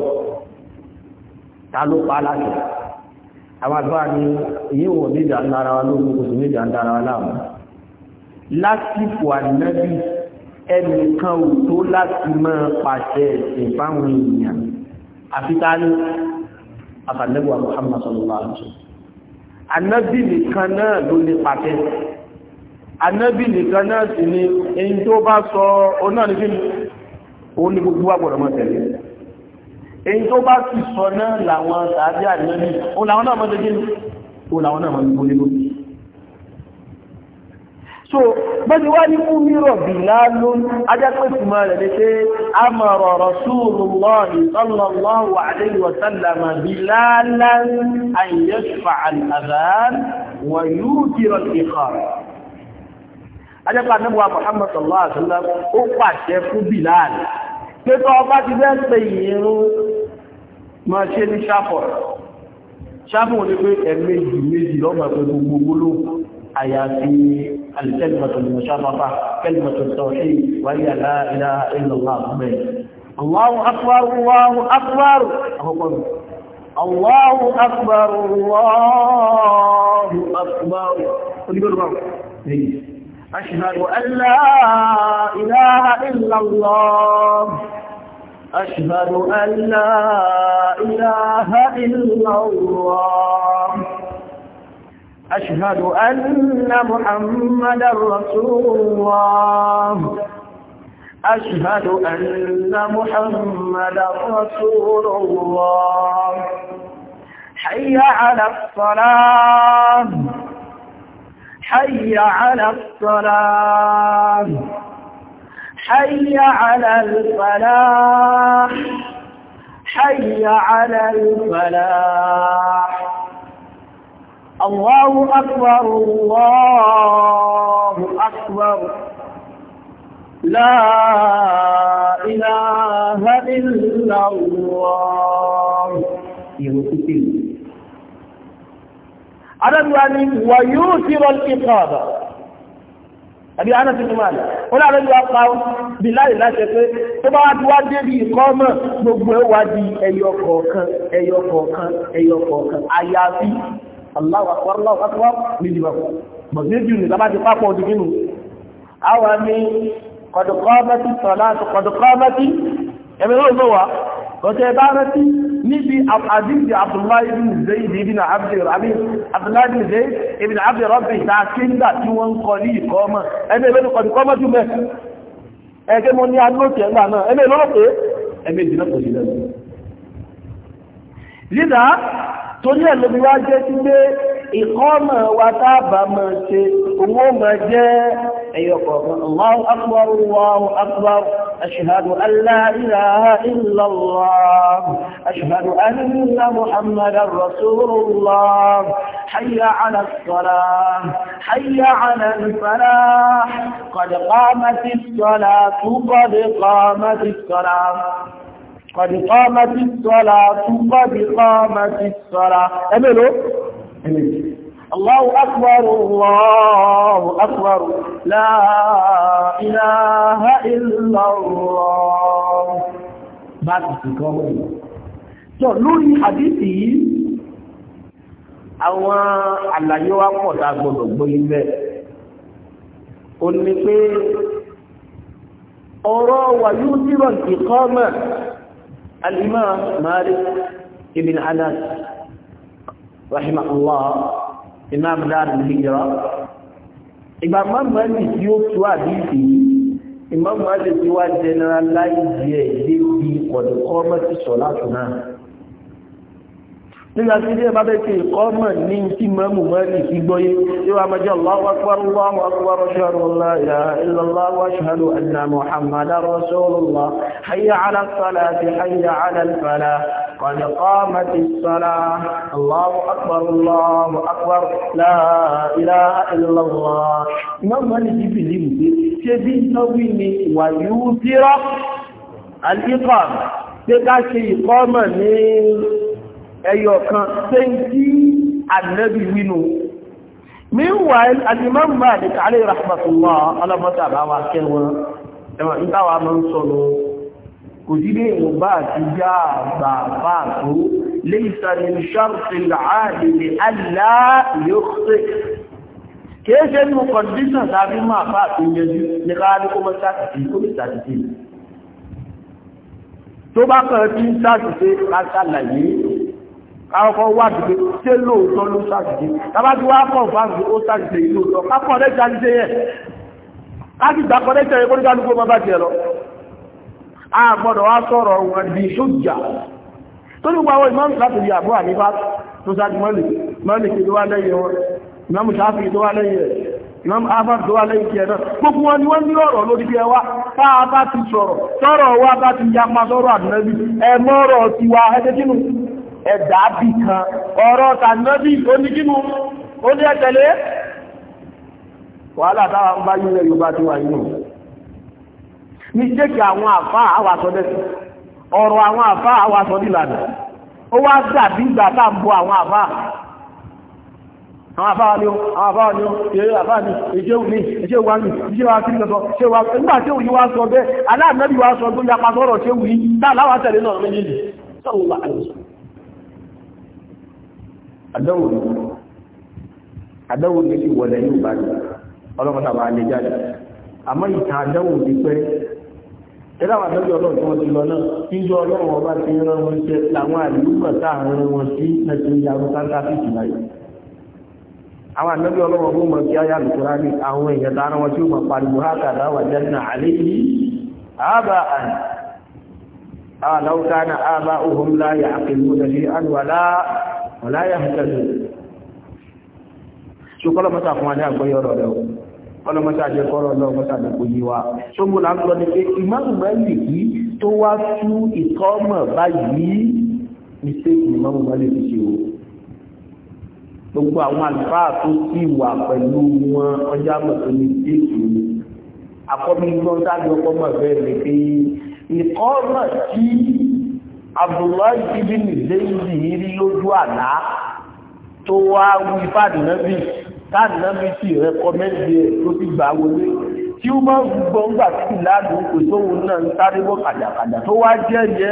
ta ló pa láti àwọn àgbà ni èyí wọ̀n ní ìjà ńlára wa lóògùn kò sí ní ìjà ńlára wa láàmú lásìkò ànábì ẹnìkan ò tó láti máa pàṣẹ ẹ̀sìn fáwọn èèyàn àfi ta ni àfàlẹ́bù Muhammad sallallahu alaihi wasallam ànábì nìkan náà ló lè pàṣẹ ànábì nìkan náà sì ni èyí òun ni gbogbo wa tẹ̀lé èyí tó bá ti sọ náà làwọn tàbí àdínẹ́bí o làwọn náà mọ́dé gínú o làwọn náà mọ́dé gínú so bẹ́ni wá ní fún mírọ̀ bí lálọ́ ajápẹ́sùmọ́ rẹ̀ lé pé a mọ̀rọ̀ Rasulullahi sallallahu alaihi wa sallam bilalan an yashfa'a al-adhan wa yutira al-iqama ó pàṣẹ fún Bilal pé tó ọba ti fẹ́ pè ìrún máa ṣe ní ṣàpọ̀ ṣàpọ̀ ní pé ẹ̀mẹ́jì méjì lọ́mà pé gbogbo gbóló àyàfi alìkẹ́lìmọ̀tò ní ṣàpapá kẹ́lìmọ̀tò tọ́ṣí wáyé la ilaha illallah Allahu akbar Allahu akbar Allahu akbar Allahu akbar أشهد أن لا إله إلا الله أشهد أن لا إله إلا الله أشهد أن محمدا رسول الله أشهد أن محمدا رسول الله حي على الصلاة حي على الصلاة حي على الفلاح حي على الفلاح الله أكبر الله أكبر لا إله إلا الله يوم adájúwa ni wà yóò ti rọ ìkọ̀ ọ̀dọ̀ àbí àná ti túnmọ̀ àlẹ́ wọn láàrín ìwà pa ó bí láì láṣẹ pé tó bá wá ti wá débi ìkọ́ mọ̀ gbogbo ẹ̀ wá di ẹyọ kọ̀ọ̀kan ẹyọ kọ̀ọ̀kan ẹyọ kọ̀ọ̀kan àyàfi aláwọ̀ akọ̀ níbi àdíjì Abdullahi ibn Zayd ibn Abdullahi ibn Zayd ibn Abdullahi ta kíńdà tí wọ́n ń kọ ní ìkọ́mọ̀ ẹgbẹ́ ìlú kọ̀ ìkọ́mọ̀ jù mẹ́ ẹgbẹ́ mọ́ ní alóòtì ẹgbà náà ẹgbẹ́ ìlọ́pẹ́ ẹgbẹ́ ìdínà pẹ̀lú lídà torí ẹ̀ lóbi wá jẹ́ sí pé ìkọ́mọ̀ wa tábà máa ṣe owó máa jẹ́ ẹ̀yọkọ̀ọ̀kan Allahu akbar Allahu akbar ashhadu an la ilaha illa Allah ashhadu anna Muhammadan rasulullah hayya ala as-salah hayya ala al-falah qad qamatis salatu qad qamatis salah kọ̀dì kọ́ọ̀mọ́ ti sọ́lá tún kọ́dì kọ́ọ̀mọ́ ti sọ́lá ẹgbẹ̀ló Allahu akbar Allahu akbar la ilaha illa Allah bá ti fi kọ́ mọ́ ìlọ lórí àdísì yìí àwọn àlàyé wa pọ̀ tá gbọdọ̀ gbọ́ ilẹ̀ ó ní pé ọ̀rọ̀ wà yóò dírọ̀ ìkọ́mọ̀ الإمام مالك ابن أنس رحمه الله إمام دار الهجرة إمام مالك يوتوا بيتي إمام مالك يوتوا جنرال لايزيه دي قد قامت صلاة nígbà tí ilé bá bẹ́ẹ̀ ṣe ìkọ́mọ̀ ní tí mọ́mù mọ́lì sí gbọ́yé tí wà mọ́jọ́ Allahu akbar Allahu akbar ashhadu an la ilaha illa Allah wa ashhadu anna Muhammadan rasulullah hayya ala salati hayya ala al-falah qad qamatis salah Allahu akbar ẹyọ kan tẹ́ntí ànábì wínú meanwhile alimam malik alayhi rahmatullah alamọ́ta àbáwá kẹwọn ẹwọ̀n ìtawà mọ́ ń sọ̀rọ̀ kò sí ní ìwọ̀nbá àti já àgbà bá tó laysa min sharti al-'alimi alla yukhti kìí ṣe ní kọ̀díṣàn tàbí máa bá àti yẹjú ní káàrí kó mọ́ sáàtìtì kó lè sáàtìtì tó bá kọ̀rọ̀ tí ń sáàtìtì káwọ́kọ́ wà dìde ṣé lóòótọ́ ló ṣàdìde tàbátí wá pọ̀ fáàmù ó ṣàdìde yìí lóòótọ́ kápọ̀ ọ̀rẹ́ yẹn láti yẹn kó bá lọ. a gbọ́dọ̀ wá wọn tó ní ìmọ̀ ẹ̀dá bì kan ọ̀rọ̀ tànàbí oníkínú ó ní ẹ̀tẹ̀lé wà látàwà ń bá yílẹ̀ bá tí wà nínú ní kí àwọn àfá àwàsọ́dẹ̀ ọ̀rọ̀ àwọn àfá ó wá dàbí ìgbà ń bọ àwọn àfá àwọn àfáà ni ó wà ní ìjé wà sọ ṣe wà wá sọ bẹ́ẹ̀ aláàmẹ́bí ṣe ní wà àdáwò ni àdáwò ni sì wọlé ní ìbàdàn ọlọ́mọta bá lè jáde àmọ́ ìta àdáwò ni pé ẹ̀rọ àwọn àdáwò ọlọ́run tí wọ́n ti lọ náà níjọ ọlọ́run ọba ti rán wọn jẹ làwọn àlùmọ̀ tá à ń rán wọn sí ẹ̀sìn ìyá ọ̀run sáńtà fìtì báyìí àwọn àdáwò ọlọ́run ọgbọ́n mọ̀ sí ayé ní àwọn èèyàn tá wọn tí ó mọ̀ pariwo hákàdá wà jẹ́ nà àlẹ́ yìí àbá àná أَلَوْ كَانَ آبَاؤُهُمْ لَا يَعْقِلُونَ شَيْئًا وَلَا ọ̀lá yà ń tẹ̀lé ṣe kọ́lọ́mọ́ta fún wa ní àgbọ́yọ̀rọ̀ rẹ̀ ọlọ́mọ́ta àjẹkọ́rọ̀ ọlọ́mọ́ta àjẹkọ́ yí wa tó mú là ń lọ ní pé ìmáàmù Málíkì tó wá tú ìkọ́mọ̀ báyìí ní sẹ́kì ìmáàmù Málíkì ṣe o gbogbo àwọn àlùfáà tó sì wà pẹ̀lú wọn ọjà Abdullahi ibn Zayd rí lójú àlá tó wá wí fàdínábì fàdínábì sì rẹkọmẹ́ndì ẹ̀ tó ti gbà wọlé tí ó máa ń gbọ́ ńgbà tí ìlànà kò sóhun náà ń sáré wọ́ kàjàkàjà tó wá jẹ́ yẹ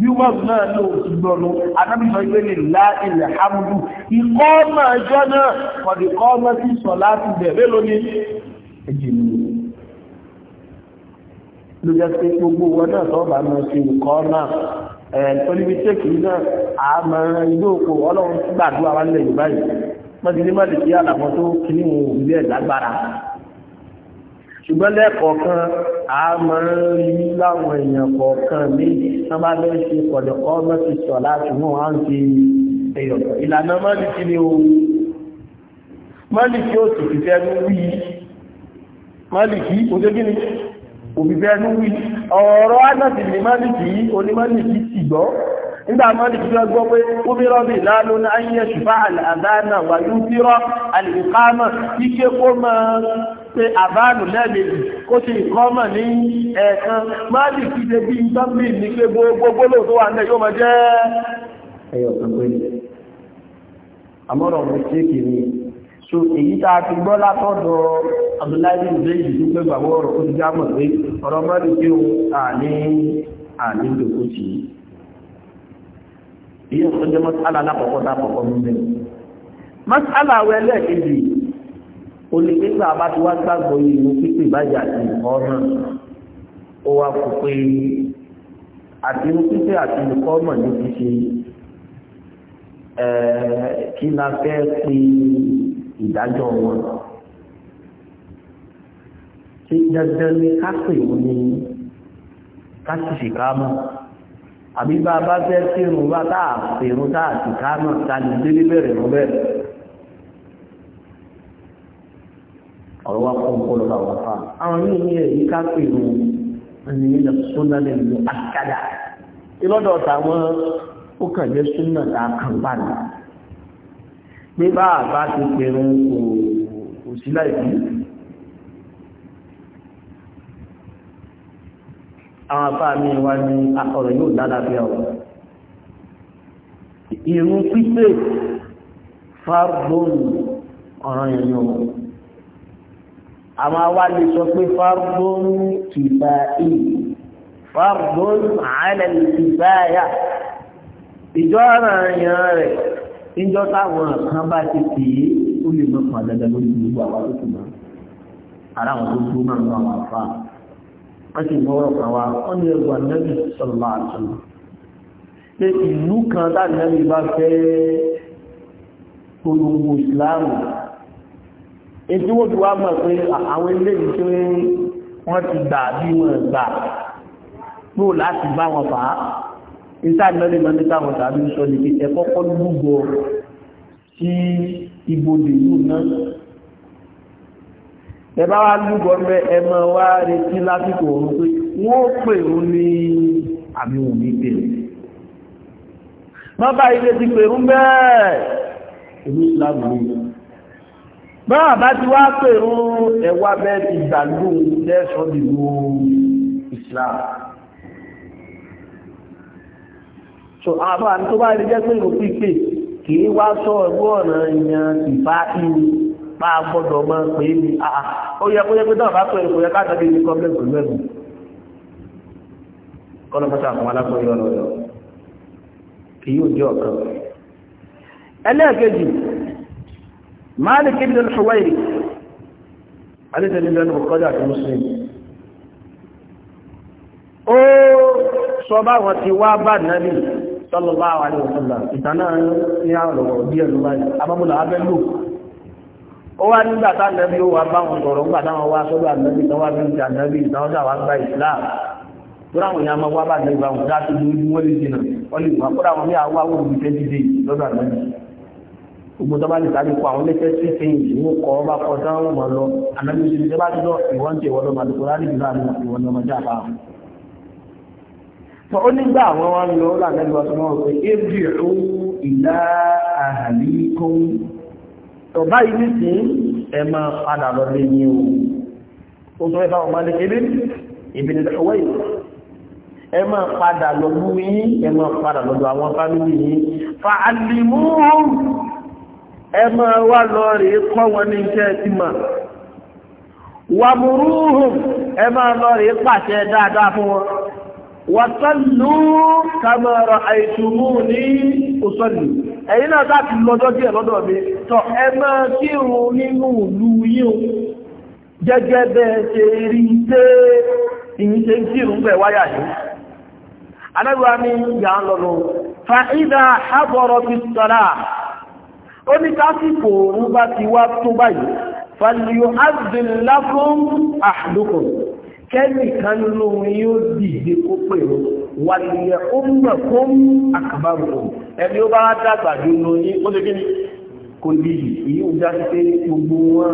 bí wọ́n náà ló ti gbọ́nu anábìsọ ìgbé lè lá ilẹ̀ hamdu ikọ́ náà jọ náà pé gbogbo wọn náà tó bá máa ṣe náà olùbíṣẹ́kì náà àmọ́ ilé òkú ọlọ́run gbàdúrà wà nílẹ̀ yorùbá yìí mọ́tìlí má lè kí àlàmọ́ tó kíní wọn ò ilé ẹ̀dágbára ṣùgbọ́n lẹ́ẹ̀kọ̀ọ̀kan àmọ́ ilé láwọn èèyàn kọ̀ọ̀kan ní wọ́n bá lọ́ọ́ ṣe kọ̀dọ̀kọ́ mọ́tì sọ̀ láti wọ́n á ń ṣe èèyàn ìlànà mọ́tì kí ni o mọ́tì kí o sì fi fẹ́ wí kí o ṣe òbíbẹ́ ẹnu wí ọ̀rọ̀ ánàtì ní málìkì onímálìkì sì gbọ́ nígbà málìkì tó gbọ́ pé omírọ́bì lálọ́ ní ayé ṣùfà àdánà wà yóò fírọ́ àlìkámọ̀ kíké kó máa pé àbánù lẹ́ẹ̀mejì so èyí tá a ti gbọ́ látọ̀dọ̀ abdullahi ṣe yìí tó gbé gbàgbọ́ ọ̀rọ̀ ó ti já mọ̀ pé ọ̀rọ̀ mọ́rin tí ó àní àní gbogbo tì í èyí ò tọ́jú mọ́sálà lápapọ̀ lápapọ̀ mú bẹ́ẹ̀ mọ́sálà wẹ́ lẹ́ẹ̀kejì o lè gbé gbàgbà tí wá gbàgbọ́ yìí mo pípé ìbàjẹ́ àti ìkọ́nà ó wá kó pé àti mo pípé àti ìkọ́nà ní ti ṣe kí la ìdájọ́ wọn. ṣé dandan ni ká pè wọ́n ní ká sì sì ká mọ́ àbí bá a bá fẹ́ kírun bá tá a fèrún tá a sì ká mọ́ ta ni délé bẹ̀rẹ̀ mọ́ bẹ́ẹ̀. ọ̀rọ̀ wa kọ́ nǹkan lọ́la wà àwọn yìí ní èyí ká pè wọ́n ní ilẹ̀ sọ́nà lè lo àkàdà ìlọ́dọ̀ táwọn ó kàn jẹ́ súnà tá kàn bá pé bá àbá ti pẹ̀rún kò sí láìpí àwọn afá mi wá ní akọ̀rọ̀ yóò dáadáa bí ọ̀rọ̀ ìrún pípé fárbóòlù ọ̀ràn yẹn yóò àmọ́ sọ pé fárbóòlù kìfà ìlú fárbóòlù àìlẹ̀ kìfà yà ìjọ́ ọ̀ràn rẹ̀ níjọ́ táwọn kan bá ti pè é ó lè mọ̀ fún àdájọ́ lórí gbogbo àwọn tó kùnà ara àwọn tó tó máa ń lọ àwọn àfa wọ́n sì mọ́ ọ̀rọ̀ kan wá wọ́n ní ẹgbẹ́ ànábì sallallahu alaihi wasallam pé ìlú kan táwọn ànábì bá fẹ́ polongo ìsìláàmù ètí wọ́n ti wá mọ̀ pé àwọn ilé yìí tí wọ́n ti gbà bí wọ́n gbà tó láti bá wọn fà ìtàdínlọ́lẹ̀ máa ń tẹ́ta àwọn tàbí sọ ní pé ẹkọ́kọ́ lúgbọ́ sí ibodè ìlú náà ẹbá wá lúgbọ́ mẹ́ ẹmọ wá retí lásìkò òun pé wọ́n pè òun ní àmì òun ní pèlè bàbá ilé ti pè òun bẹ́ẹ̀ ìlú ìsìlámù ní bàbá bá ti wá pè òun so àbá tó bá rí jẹ́ pé ìlú pípé kì í wá sọ ẹgbẹ́ ọ̀nà ìyàn ìfà ìlú pa gbọ́dọ̀ mọ́ pé ní àà ó yẹ kó yẹ pé náà bá pẹ̀lú kò yẹ káàkiri ní kọ́mílẹ̀ pẹ̀lú ẹ̀bùn kọ́nà pátá àwọn alákọ̀ọ́yọ́ lọ́yọ́ kì yóò jẹ́ ọ̀kan ẹlẹ́ẹ̀kejì Malik ibn al-Huwairi alẹ́tẹ̀lẹ́ lẹ́nu kọ́jà àti Muslim ó sọ ti wá bá nàbí sallallahu alaihi wasallam ìtànà ní àrọ̀lọ̀wọ̀ bí ọrụ láì abámúlà abẹ́lú ó ya nígbà tá nẹ́bí ó wá báwọn sọ̀rọ̀ ńgbà táwọn wá wa ànẹ́bí tán wá bíi ànẹ́bí táwọn sà wá gba islam tó ráwọn ìyá máa wá bá ànẹ́bí bá wọn gbogbo tó bá lè sáré kó àwọn tọ́ ó nígbà àwọn wọn lọ lànàgbà tó wọ́n pé ébì ó ìlà àhàlíkún tọ́ báyìí nìsín ẹ máa padà lọ lé ní o ó sọ ẹ̀fà ọmọ ní ebí ìbìnrin ìwé ẹ máa padà lọ bú pàṣẹ dáadáa fún wọn wàtàlù kàmàrà àìtùmù ní òsọ́lù ẹ̀yìn náà láti lọ́jọ́ díẹ̀ lọ́dọ̀ mi tọ ẹ máa kírun nínú ìlú yíò gẹ́gẹ́ bẹ́ẹ̀ ṣe rí pé ìyìn ṣe ń bẹ̀ wáyà yìí anábíwá ní ìyà ń lọ́lọ́ fa ìdá àbọ̀rọ̀ fi sọ́lá ó ní kásìkò òun bá ti wá tó báyìí kẹ́lì kan nínú yóò dìde kó pè ó wà nìyẹn ó mọ̀ kó ń àkàbàrò ẹni ó bá dàgbà nínú yín ó lè kíni kò lè yìí ó já sí gbogbo wọn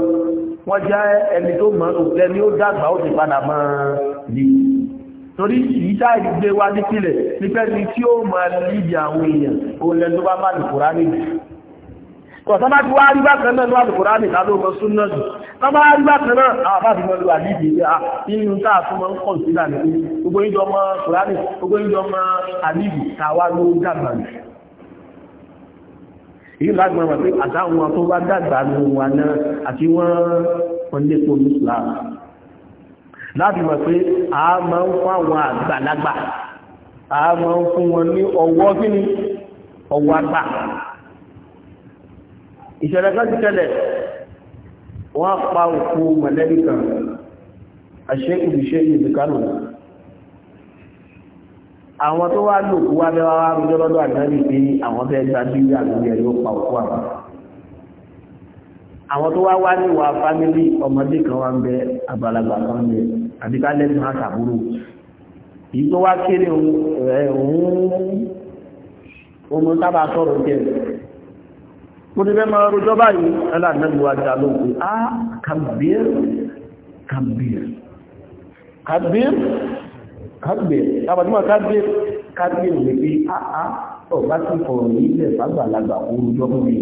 wọ́n já ẹni tó mọ̀ ọ́ lẹ́ni ó dàgbà ó sì padà máa lè torí ìyíta ìgbé wa nípìnlẹ̀ nípẹ́ ni tí ó máa lè yí àwọn èèyàn òun lẹ́nu tó bá má lè kúrá nìyí kọ̀tọ́ bá ti wá rí bákan náà ní alùkùránì tàbí ọmọ súnnà jù tọ́ bá rí bákan náà àbábí mọ́lú àdíjì nínú tàà fún mọ́ ń kọ̀ sí ìlànà ní gbogbo ìjọ ọmọ kùránì gbogbo ìjọ ọmọ àdíjì tàwa ló dàgbà nù èyí lágbà wà pé àtàwọn tó bá dàgbà nù wà náà àti wọ́n pọ̀lẹ́ pọ̀ Islam láti mọ̀ pé a máa ń fún àwọn àgbàlagbà a máa ń fún wọn ní ọwọ́ kí ni ọwọ́ àgbà ìṣẹ̀lẹ̀ kan ti tẹ́lẹ̀ wọ́n pa òkú mọ̀lẹ́bí kan àṣẹ ìbìṣẹ́ ìbìkánù àwọn tó wá lòkú wá bẹ́wàá wá rújọ́ lọ́dọ̀ àdáyé pé àwọn fẹ́ gbájú àgbègbè ẹ̀yọ́ pa òkú àwọn àwọn tó wá wá níwà fámílì ọmọdé kan wá ń bẹ àgbàlagbà kan bẹ jẹ́ mo ti fẹ́ máa rojọ́ báyìí aláàdánilwà jà lóòkú a kàbír kàbír kàbír kàbír àbàdìmọ̀ kàbír kàbír lè fi àá ọ̀bá tí fọ̀rọ̀ ní ilẹ̀ fàgbàlagbà orújọ́ mú mi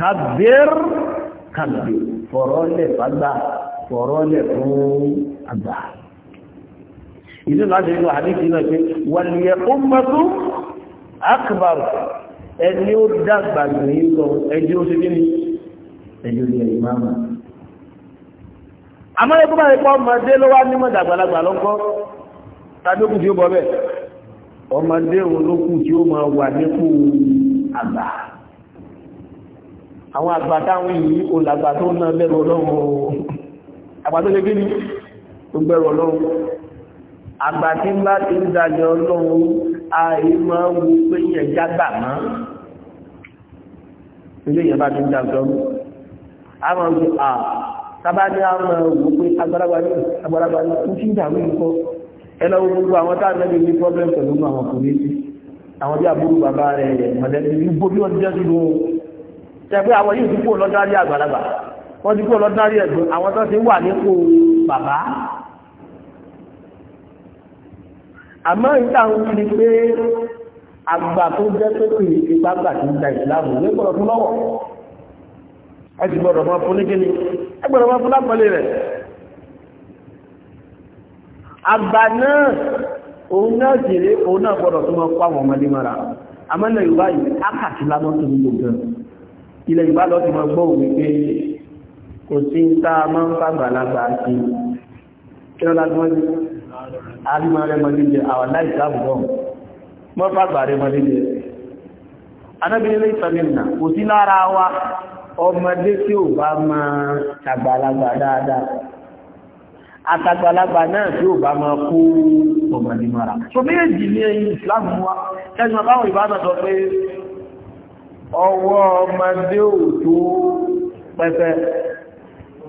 kàbír kàbír fọ̀rọ̀ ẹni ó dàgbà gbìyànjú lọ ẹni ó ṣe kí ni ẹni ó lè rí máma àmọ́ ẹkú bá ẹkọ́ ọmọdé ló wá nímọ̀ dàgbàlagbà lọ́kọ́ tàbí ó kù tí ó bọ́ bẹ́ẹ̀ ọmọdé òun ló kù tí ó máa wà nípò àgbà àwọn àgbà táwọn yìí olàgbà tó náà bẹ̀rù ọlọ́run àgbà tó lè gbé ní tó bẹ̀rù ọlọ́run àgbà tí ń bá ti ń dàjẹ́ ọlọ́run àìmọ́ wo pé yẹn jágbà mọ́ ilé yẹn bá ti ń da sọ́rù àwọn ọ̀gbìn à sábàdé àwọn òwò pé agbáragbá ní agbáragbá ní kú sí ìdààmú nǹkọ́ ẹ lọ wo gbogbo àwọn táà nẹ́bí ní problem pẹ̀lú àwọn ọkùnrin sí àwọn bí àbúrò bàbá rẹ̀ mọ̀lẹ́bí gbogbo bí wọ́n ti jẹ́ sílùú tẹ̀gbé àwọn yìí ti kó lọ́jọ́ àrí àgbàlagbà wọ́n ti kó lọ́jọ́ àrí ẹ̀gbọ́n àwọn tó ti wà nípò bàbá àmọ́ ìta ń wí ni àgbà tó jẹ́ pé kò ní ipa gbà tí ń da ìsìláàmù ní gbọ́dọ̀ fún lọ́wọ́ ẹ ti gbọ́dọ̀ máa fún ní kíni ẹ gbọ́dọ̀ máa fún lápọ̀lé rẹ̀ àgbà náà òun náà jèrè òun náà gbọ́dọ̀ tó máa kó àwọn ọmọdé mara àmọ́nà ìwà yìí ákàtí lámọ́ tó nílò gan ilẹ̀ ìbá lọ ti máa gbọ́ òwe pé kò sí ń tá a máa ń fàgbàlagbà sí kí lọ́la gbọ́n sí àrímọ́ mọ́ fàgbàrí mọ́lílé rẹ̀ anábìnrin ìsọ̀mìnà kò sí lára wa ọmọdé tí ò bá máa tàgbàlagbà dáadáa àtàgbàlagbà náà tí ò bá máa kó ọmọdé mara so méjì ní ẹ̀yìn Islam wa kẹ́sùn báwọn ìbátan sọ pé ọwọ́ ọmọdé ò tó pẹpẹ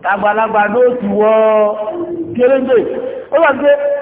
tàgbàlagbà ló ti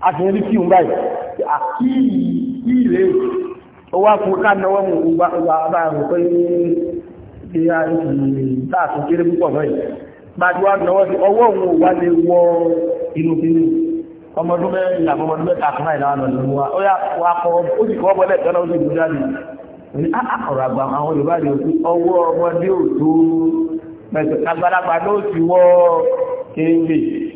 àtìrí kí ń báyìí àkí ìrẹ́ ó fún ká mú ọgbà àbáàrùn pé ní láàtún kéré púpọ̀ náà gbájúwá náwọ́ sí ọwọ́ òun wà lè wọ inú kéré ọmọdún mẹ́rin ah, ah, àwọn Yorùbá lè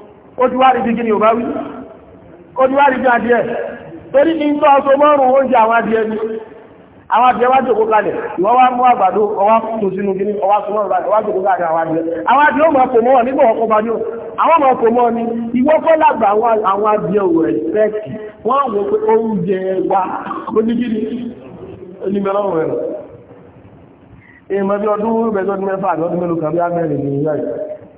ó ti bí gíní ò bá wí ó bí adìẹ torí ní tó ọsọ mọ́rùn oúnjẹ àwọn adìẹ ni àwọn adìẹ wá jòkó kalẹ̀ ìwọ́n wá mú àgbàdo ọwá tó sínú gíní ọwá sọ mọ́rùn wá jòkó kalẹ̀ àwọn adìẹ àwọn adìẹ ó mọ̀ pò mọ́ nígbà ọkọ̀ bá ni ìwọ́ kọ́ lágbà àwọn adìẹ ò rẹ̀spẹ̀kì wọ́n wa ó ní gíní onímọ̀lọ́rùn rẹ̀ èèmọ̀ bí ọdún mẹ́fà lọ́dún mélòó kan bí á mẹ́rin ní ìyá yìí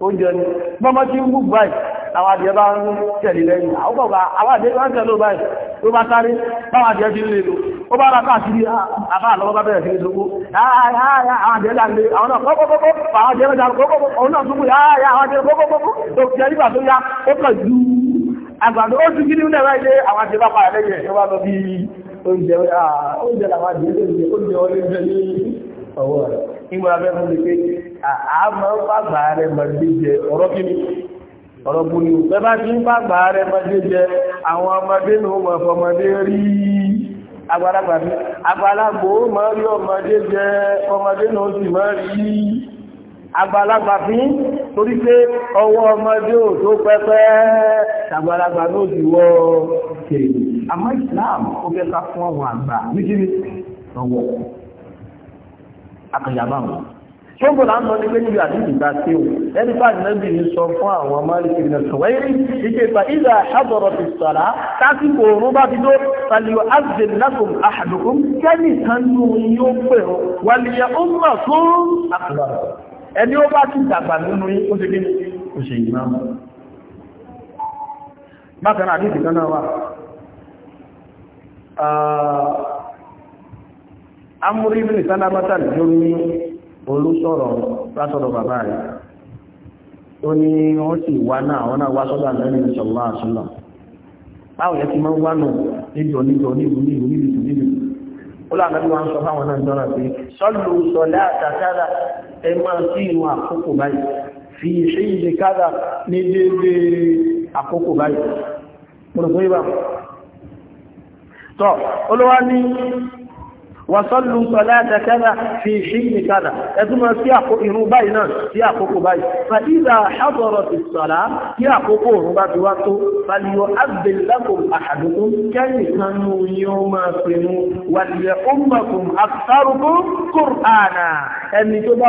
oúnjẹ ni bọ́mọ́ tí ń búk báyìí àwọn adìẹ bá ń tẹ̀lé lẹ́yìn àwọn bàbá àwọn adìẹ bá ń tẹ̀lé báyìí ló bá sáré báwọn adìẹ ti lè lò ó bá ra káàkiri ah, àbá àlọ́wọ́ bá bẹ̀rẹ̀ sí ní sókó ah, ah, àwọn adìẹ láńlé àwọn náà kọ́kọ́kọ́kọ́ àwọn adìẹ bá dàrú kọ́kọ́kọ́ òun náà sókó yáyá àwọn adìẹ kọ́kọ́kọ́kọ́ tó fi ẹni bà tó yá ó kàn ju àgbàdo ó ti kí nínú ẹ̀rọ ilé àwọn adìẹ bá pa ẹ̀lẹ́yìn ẹ̀ wá lọ bí oúnjẹ oúnjẹ làwọn adìẹ lè oúnjẹ ọlẹ́jẹ ní ọwọ́ rẹ̀ nígbà abẹ́ fún mi pé àmọ́ bàgbà rẹ̀ mọ̀dé jẹ ọ̀rọ̀ kí ni ọ̀rọ̀ bú ni òfẹ́ bá ti ń bàgbà rẹ̀ mọ̀dé jẹ àwọn ọmọdé ní ọmọ ọmọdé rí agbálagbà mi àgbàlagbà ó mọ̀ rí ọmọdé jẹ ọmọdé ní oṣù mọ̀ rí àgbàlagbà fi torí pé ọwọ́ ọmọdé ò tó pẹ́pẹ́ àgbàlagbà ló ti wọ́ kèrè àmọ́ ìsìláàmù ó fẹ́ ká fún àwọn àgbà nítorí ọwọ́ akànyàbáwọn tó ń bọ̀ láti lọ ní pé níbi àdúgbò ìgbà tí ó ẹni bá nẹ́bì ní sọ fún àwọn mọ́lìkì ní ṣọ̀wẹ́rí ìṣe ìgbà ìgbà àbọ̀rọ̀ ti sọ̀rá tásìkò òórùn bá ti dó pàlíwò azẹ̀ lákòm àdùkùn kẹ́nì kan yóò pè ọ́ wàlìyà ó mà fún àkùnà ẹni ó bá ti dàgbà nínú yín ó amúrí bí sálábátà ló ní olùsọ̀rọ̀ látọ̀dọ̀ bàbá rẹ̀ ó ní wọ́n sì wá náà wọ́n náà wá sọ́dọ̀ àlẹ́lẹ́ ìṣọ̀lá àṣọlá báwọn yẹn ti máa ń wá nù níjọ níjọ nílùú nílùú nílùú nílùú ó láàrín bí wọ́n sọ fáwọn náà jọra pé sọ́lù sọ̀lá àtàkára ẹ máa sí ìwọ̀n àkókò báyìí fi ṣe wàsọ́lù sọ̀láàdà kẹ́dà fi ṣíyìn kẹ́dà ẹ̀túnmọ̀ sí àkó irun báyìí náà sí àkókò báyìí fàíza ṣàtọ̀rọ̀ ti sọ̀lá kí àkókò òun bá ti wá tó fàlíyọ abdìlákùn àṣàdùkún kẹ́yìn kan ní oyin ó máa pinnu wàlíyẹ ọmọkùn àtàrùkún kùránà ẹni tó bá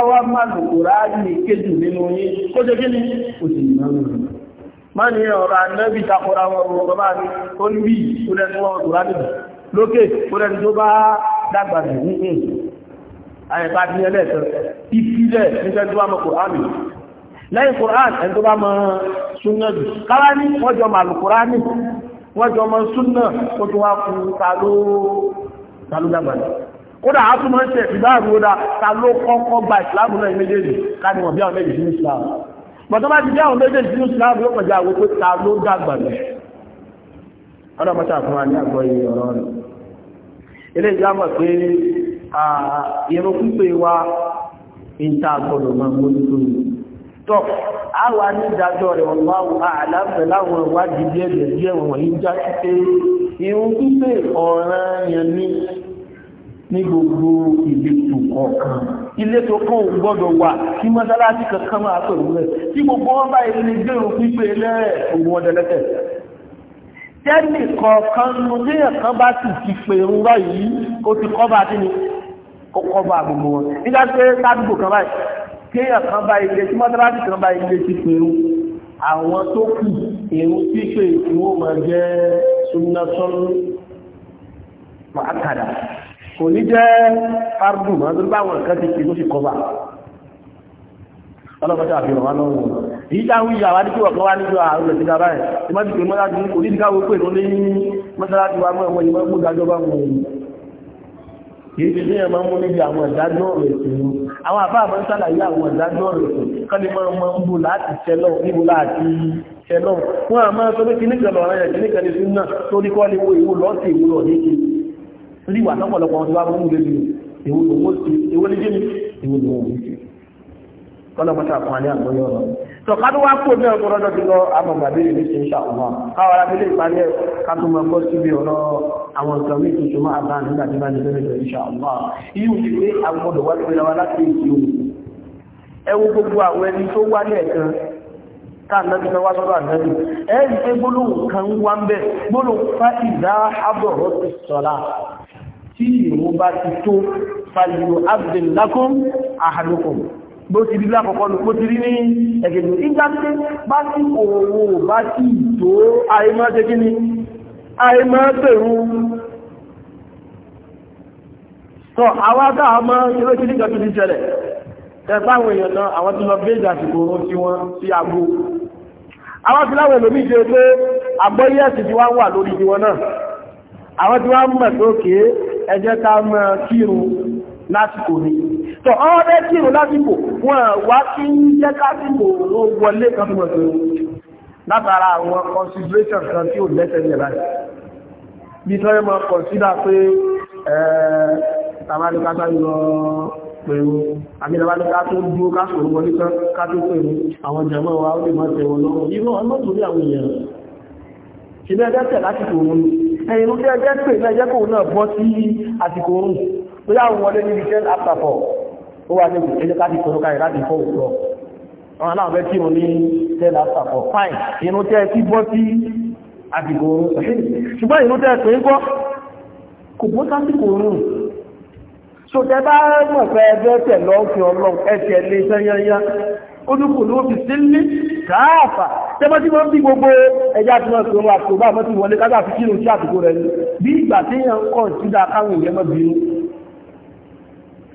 lókè ìpínlẹ̀ tó bá dàgbà jù ní èyí àyẹ̀ká bí ẹlẹ́ẹ̀kan ìfilẹ̀ níṣẹ́ tó bá mọ kòránì lẹ́yìn kòránì ẹni tó bá mọ súnà jù káwá ní wọ́n jọ màlù kòránì wọ́n jọ mọ súnà ó tún wá fún ta ló dàgbà jù kódà á tún mọ́ ṣe ìbáàrú ó dá ta ló kọ́kọ́ gba ìsìláàmù náà méjèèjì káni wọ̀n bí àwọn méjèèjì ní ìsìláàmù bọ̀tọ́ bá ti jẹ́ àwọn méjèèjì ní ìsìláàmù yóò kọjá àwọn pé ta ló dàgbà ilé ìjámọ̀ pé irun pípé wa ìta àkọlù máa mójútó tọ́ a wà ní ìdájọ́ rẹ̀ wọ́n wá àlàáfẹ́ láwọn ìwádìí díẹ̀ díẹ̀ wọ̀n yí já sí pé irun pípé ọ̀ràn yẹn ní ní gbogbo ìletò kọ̀ọ̀kan ìletò kan ò gbọ́dọ̀ wà kí mọ́sálásí kankan máa pẹ̀lú rẹ̀ tí gbogbo wọn bá ilé gbèrò pípé lẹ́rẹ̀ òun tẹ́lì kọ̀ọ̀kan nu léèyàn kan bá sì ti pè ń rọ yìí ó ti kọ́ba kí ni ó kọ́ba gbogbo wọn nígbà pé sádùgbò kan báyìí kéèyàn kan bá ilé tí mọ́tàlásì kan bá ilé ti pè ń àwọn tó kù èrò pípé ìwó máa jẹ́ súnmọ́sọ́nù màákàdà kò ní jẹ́ fárúdù mọ́ tó bá àwọn ti pè ló fi ọlọ́pàá tàbí ọ̀wá náà wò èyí táwọn ìyá wa ní kí ọ̀kan wá níjọ àrùn ẹ̀sìn dábà ẹ̀ tí wọ́n ti pè mọ́lá ti kò nídìí káwọ́ pè lórí mọ́sálásí wa mọ́ ìwọ̀n ìwọ̀n ìdájọ́ bá wọn èyí kìí ti ní ẹmọ mú níbi àwọn ìdájọ́ ọ̀rọ̀ ẹ̀sìn ni àwọn àbá àmọ́ sálàyé àwọn ìdájọ́ ọ̀rọ̀ ẹ̀sìn kọ́ ni mọ́ mọ́ ń bò láti tẹ́lọ̀ níbo láti tẹ́lọ̀ wọn àmọ́ sọ pé kí nìkan lọ́rọ̀ ẹ̀ kí nìkan ní sún kọ́lọ́mọ́ta kan ní àgbóyé ọ̀rọ̀ tó kádó wá kó ní ọkọ̀ rọ́dọ̀ lọ àmọ̀gbà bí ìlú ṣe ń ṣàkóbá káwọn abílẹ̀ ìparí ẹ̀ kátó mọ́ bọ́ síbi ọ̀rọ̀ àwọn nǹkan mí tuntun máa bá nígbà tí bá ní lórí ìlú ṣàkóbá yíò ti pé agbọ́dọ̀ wá pé wa láti èsì fa ìdá abọ̀rọ̀ ti tí ìrún bá ti tó fàlìlò abdul lakum bó ti rí lákọ̀ọ́kọ́ ló ti rí ní ẹ̀gẹ̀gẹ̀ ìjáde bá sí òwò bá sí ìtò àìmọ́dé kí ni àìmọ́dèrú tọ́ àwádá àmọ́ ilé kí ní gẹ̀ẹ́tù ti ṣẹlẹ̀ tẹ́gbàwọ̀ èèyàn náà àwọn tí lọ bẹ́ẹ̀dà àsìkò oorun tí wọ́n sí agbó àwọn tí láwọn èlòmí ṣe pé àgbọ́yé ẹ̀sìn tí wọ́n wà lórí tiwọn náà àwọn tí wọ́n mọ̀ tó kéé ẹjẹ́ ká mọ́ kírun lásìkò tọ̀ ọ́rẹ́ tí ìrò lásìkò wọn wá kí ń jẹ́ kásìkò ló wọlé kan fún ọ̀tọ̀ látara àwọn consideration kan tí ò lẹ́sẹ̀ ní ẹ̀láì bí tọ́rẹ́ mọ́ consider pé tàbálùkátà yọ pẹ̀lú àmìlàbálùká tó dúó káṣòro wọlé kan kátó pẹ̀lú àwọn jẹmọ́ wa ó lè mọ́ tẹ̀wọ̀ lọ́wọ́ irú ọlọ́tòrí àwọn èèyàn ṣìlẹ̀ ẹgbẹ́sẹ̀ lásìkò oòrùn ẹ̀yìn ló fẹ́ ẹgbẹ́sẹ̀ náà jẹ́kòó náà bọ́ sí àsìkò oòrùn pé àwọn wọlé níbi after 4 ó wá ní ìpínlẹ̀ káàkiri kòrò káyẹ̀ láti fọ́ òkúrọ̀ wọn aláwọ̀ bẹ́ kí o ní tẹ́lá sàpọ̀ fine inú tẹ́ kí bọ́ sí àdìgbò oòrùn ṣùgbọ́n inú tẹ́ pé ń kọ́ kò bọ́ sásìkò oòrùn so tẹ́ bá mọ̀ pé ẹgbẹ́ tẹ̀ lọ fi ọlọ́run ẹ̀tẹ̀ lé sẹ́yẹnyá ó dúkù ló fi sí ní káàfà tẹ́ bá tí wọ́n bí gbogbo ẹja tí wọ́n fi wọn àtòbá mọ́tì wọlé kájà fi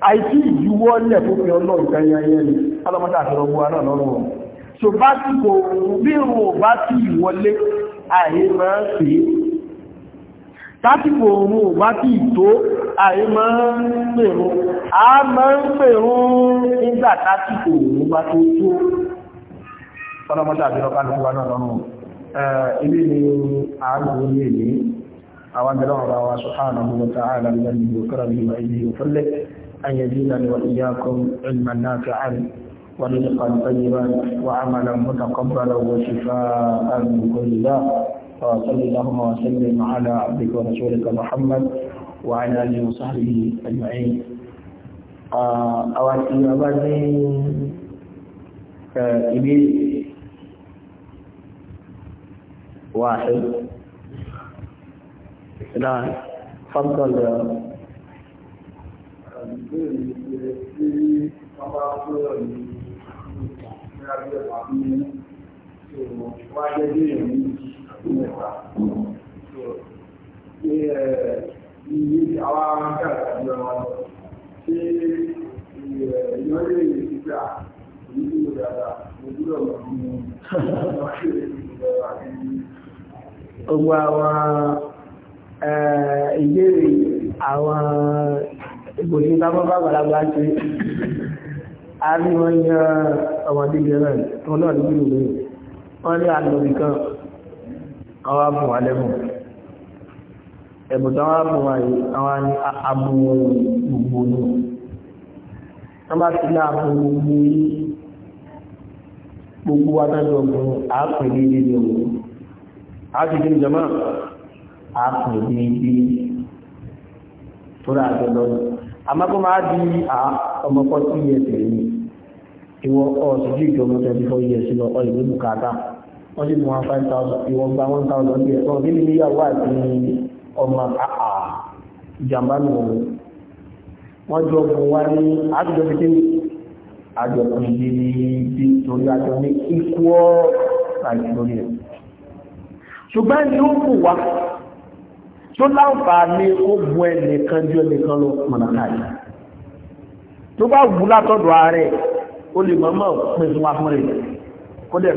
àìsí ìjuwọ́ lẹ̀ fófin ọlọ́run kanyanyẹ ni alamọ́ta àtọrọgbó aná lọ́rùn so bá tí kò bí wọn bá tí ìwọlé àyè máa ń pè é tásìkò òun ò bá tí ìtó àyè máa ń pèrún a máa ń pèrún nígbà òun bá tó tó ilé ni أن يزيدني وإياكم علما نافعا ورزقا طيبا وعملا متقبلا وشفاء من كل داء وصلى اللهم وسلم على عبدك ورسولك محمد وعلى آله وصحبه أجمعين آه، أواتي أبادي آه، إبيل واحد لا تفضل Gbogbo àwọn eh, ìbéèrè àwọn kò sí sábà bá gbàlagbà ṣe a ní wọ́n yan ọmọdé gẹ̀rẹ́ tó náà ní bílù lóyìn wọ́n ní àlọ́bì kan àwọn abùn wa lẹ́bùn ẹ̀bùn táwọn abùn wa yìí àwọn abùn gbogbo ni wọ́n bá ti ní abùn gbogbo yìí tó rà àjọ lọ́dún àmọ́ kó máa di ọmọ forty years lẹ́yìn ìwọ ọ̀sùn ju ìjọba twenty four years lọ ọ bùkátà wọ́n sì mú wọn five thousand ìwọ gba one thousand bí ẹ̀kọ́ kí ni níyàwó àti ọmọ àà ìjàmbá nù wọ́n jọ bù wá ní àjọ fi kéwì àjọ kò yé ní torí àjọ ní equal right lórí ẹ̀ ṣùgbọ́n yóò kù wá tó láǹfààní ó bu ẹnìkan ju ẹnìkan lọ mọ̀nàkáyì tó bá wù látọ̀dọ̀ ààrẹ ó lè mọ̀mọ́ pín fún wa fún rẹ̀ kó dẹ̀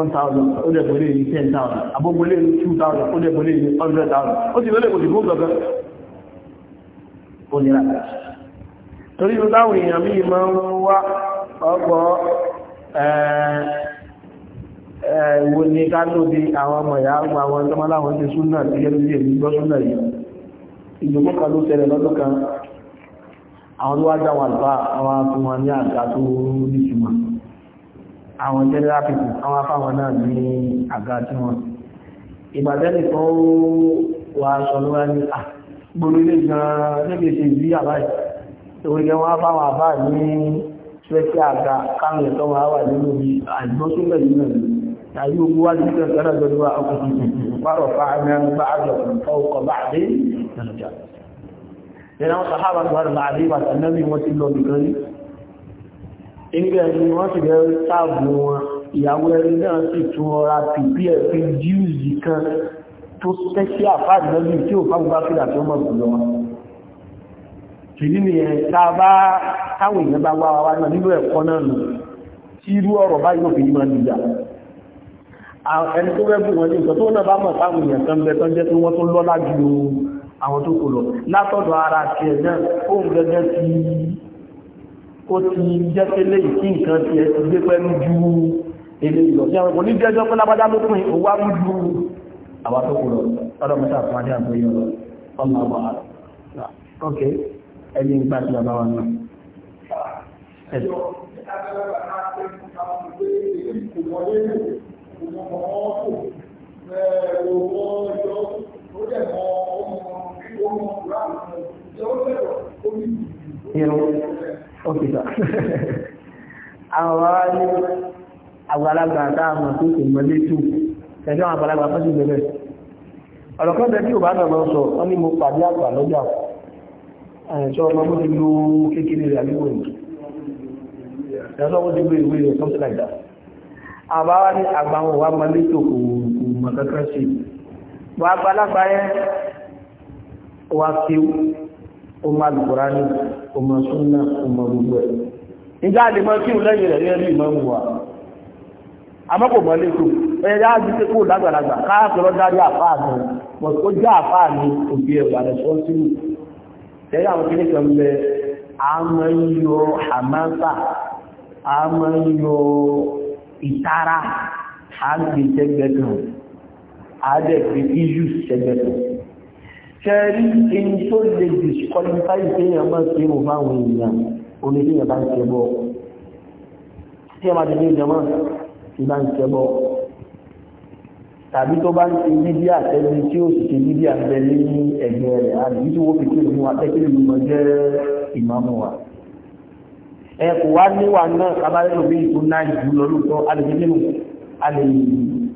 one thousand ó dẹ̀ fún eléyìí ten thousand àbógbó eléyìí two thousand ó dẹ̀ fún eléyìí hundred thousand ó sì lọ́lẹ̀ kò sì fún gbọ̀ngàn ó nira torí ló Eh, wo ni ká di àwọn ọmọ ìyá àwọn àwọn ẹgbẹ́ láwọn ti súnà tí yẹ́ lórí èyí gbọ́ súnà yìí ìjòkó kan ló ṣẹlẹ̀ lọ́dún kan àwọn tó wá já wọn àlùfáà àwọn fún wọn ní àga tó nítumọ̀ àwọn general people àwọn afáwọn náà ní àga tí wọn ìgbàdẹ́nì kan ó wà aṣọ ló wá ní à gbogbo ilé gan-an wọ́n fáwọn àbá ní ṣẹ́kí àga káàmì ẹ̀tọ́ nínú àìgbọ́sílẹ̀ yìí náà tàbí owó wá ní ìjọ ìjọba ìjọba ìwà ọkùnrin wárọ̀ fáàmì báàdì ọkọ̀ báàdì nàìjíríà nínú àwọn sàhábà tó wárọ̀ láàrí wà tàbí wọ́n ti lọ nìkan rí ìgbẹ́ ni wọ́n ti bẹ̀rẹ̀ sáàbù wọn ìyàwó ẹni náà sì tún ọra pìpì ẹ̀fí jíùzì kan tó tẹ́sí àfáàdì lọ́dún tí ò fáwọn bá fìlà tó mọ̀ jùlọ wọn tìdí nìyẹn tá táwọn èèyàn bá náà nínú ẹ̀kọ́ náà nù tí irú ọ̀rọ̀ báyìí òfin máa dìjà ẹni tó fẹ́ bù wọn ní nǹkan tó náà bá mọ̀ fáwọn èèyàn kan bẹ tó jẹ́ pé wọ́n tó lọ́lá ju àwọn tó kò lọ látọ̀dọ̀ ara tiẹ̀ náà ó ń gẹ́gẹ́ ti ó ti jẹ́ pé léyìí kí nǹkan tiẹ̀ ti gbé pẹ́lú ju eléyìí lọ sí àwọn kò ní jẹ́jọ́ pé lábájá ló pin owó amú ju àwọn tó kò lọ ọ̀dọ̀ mọ́ta fún adé àgbóyọ̀ lọ ọmọ ọmọ àrọ ok ẹni nípa ti bàbá wa náà ẹ̀sìn òun mọ ọkọ òun ọjọ́ ó dẹ̀ mọ ọmọ ọmọ ìlànà ìjọ bẹ̀rọ omi ìrìn òkìtà àwọn ní àgbàlagbà dáàmà tó kò mọ́lé tó ẹjọ́ àgbàlagbà fẹ́ sí bẹ̀rẹ̀ ọ̀rọ̀kọ́ bẹ̀ tí ò bá nàbọ̀ sọ wọ́n ní mo pàdé àgbà lọ́jà ẹ̀ṣọ́ ọmọ mú ti lo kékeré rẹ̀ àríwò ìlú something like that àbáwá ní àgbàwọn wà máa létò kò mọ̀ kankan sí wà balagba yẹn wà kí o máa ní o máa súnà o máa gbogbo ẹ̀ nígbà lè mọ kí o lẹ́yìn rẹ̀ yẹn ní ìmọ̀ ń wà àmọ́ kò mọ̀ létò ẹ̀yẹ yá ti pé kó o lágbàlagbà káàkiri dárí àfáà mi mọ̀ tó jẹ́ àfáà mi òbí ẹ̀ wà lẹ́sọ́ sí a máa ń yọ àmáńtà a máa ń yọ ìtara àgbẹ̀tẹ̀gbẹ̀kan àdẹ̀gbẹ̀ iṣu sẹ́gbẹ̀kan ṣẹ́rí in tó lè disqualify ìpéyàn máa ṣe mọ̀ fáwọn èèyàn oníkéyàn bá ń ṣẹbọ tí a máa ti ní ìjọmọ́ ti bá ń ṣẹbọ tàbí tó bá ń ṣe bíbí àtẹ́bí tí ó sì ṣe bíbí àtẹ́bí ní ẹ̀gbẹ́ rẹ̀ àbí tí wọ́n fi kí ìmú àtẹ́kí ìmọ̀ jẹ́ ìmọ̀ wa ẹ kò wá níwà náà kábàárẹ̀ lómi ìtò náà jù lọ lóòótọ́ alẹ́gbẹ̀lẹ́nu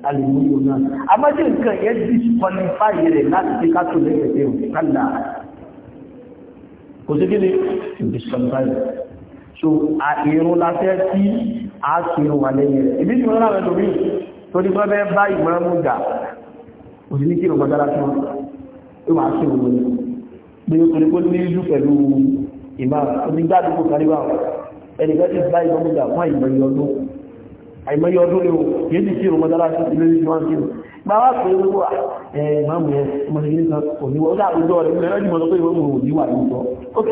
alẹ́múlò náà amájẹ́ nǹkan yẹn disqualify rẹ̀ láti fi kátó lẹ́gbẹ̀ẹ́ o kálá kò sí kí ni disqualify so àìrún la fẹ́ tí a kì í wà lẹ́yìn rẹ̀ ìbí ìwọ̀n náà rẹ̀ lómi torí pé bẹ́ẹ̀ bá ìmọ̀ ẹ̀mú gà òsì ní kí ìrọ̀ gbàdára tí wọ́n ìwà sí òun ni pé o torí pé ó ní ìlú pẹ̀lú ìmọ̀ ẹnìkan ti bá ìmọ̀ múlá fún àìmọye ọdún àìmọye ọdún ni ó yé ti kírun mọ́tàlá sí ilé ìjọ àti ìlú gba wá pé ó wà ẹ ìmáàmù yẹn ọmọ ìgbìmọ̀ kan kò ní wọ́n dáa lójọ́ rẹ̀ lẹ́rọ ìmọ̀ lọ́pọ̀ ìwọ̀n òun níwà lóòótọ́ ok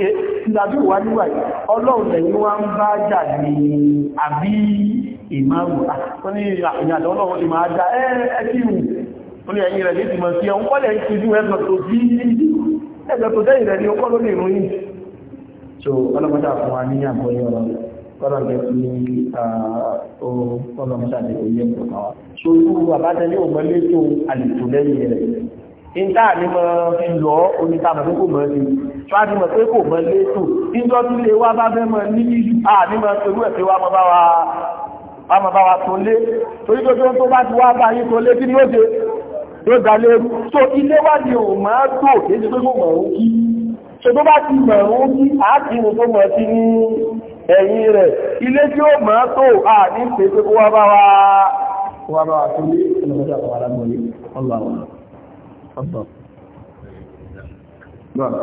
ìdàbí wà níwà ọlọ́run lẹ́yìn wá ń bá jà ní àbí ìmáàmù tó ní ìyàtọ̀ ọlọ́run ìmọ̀ so ọlọ́mọdé fún wa ní àgbọ́yé ọ̀rọ̀ kọ́lọ̀ jẹ́ fún ọlọ́mọdé àti òye ọ̀pọ̀ wa so irú àbájáde òmọlé tó àlètò lẹ́yìn rẹ̀ níta ni mo fi lọ onítàmọ̀ tó kò mọ́ sí ṣáàtì mọ̀ pé kò mọ́ létò níjọ́ tí lè wá bá fẹ́ mọ́ ní àní mọ́ torú ẹ̀ pé wá mọ́ bá wa wá mọ́ bá wa tó lé torí tó tó bá ti tó tó bá ti mọ̀ ń bí àákìrù tó mọ̀ sí ní ẹ̀yìn rẹ̀ ilé tí ó mọ̀ tó à ní pèsè kó wá bá wá wá bá wá tó ní ọlọ́mọdé àwọn alágbọ̀nyé ọlọ́wọ́ ọ̀tọ̀ Lánàá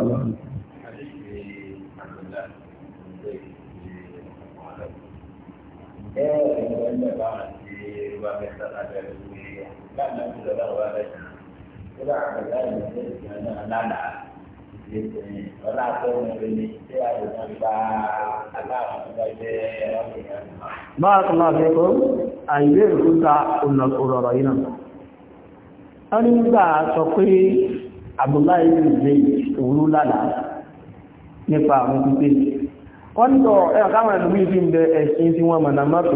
ti lọ́wọ́ rẹ̀, ó bá àgbàlá ìrìnlẹ̀ ìrìnlẹ̀ náà lánàá ọlá tó ń rìn ní ṣé àyẹ̀wò gba aláàbò tó jẹ́ ọ̀gbìn. báà tó máa fi kó àìlè ìkúta òrọ̀rọ̀ yìí náà. wọ́n ní nígbà sọ pé Abdullahi bin Zayd òru lálàá nípa àwọn pípé wọ́n ní sọ ẹ̀rọ káwọn ẹ̀lú bíi fi ẹ̀sìn tí wọ́n mọ̀nà má tó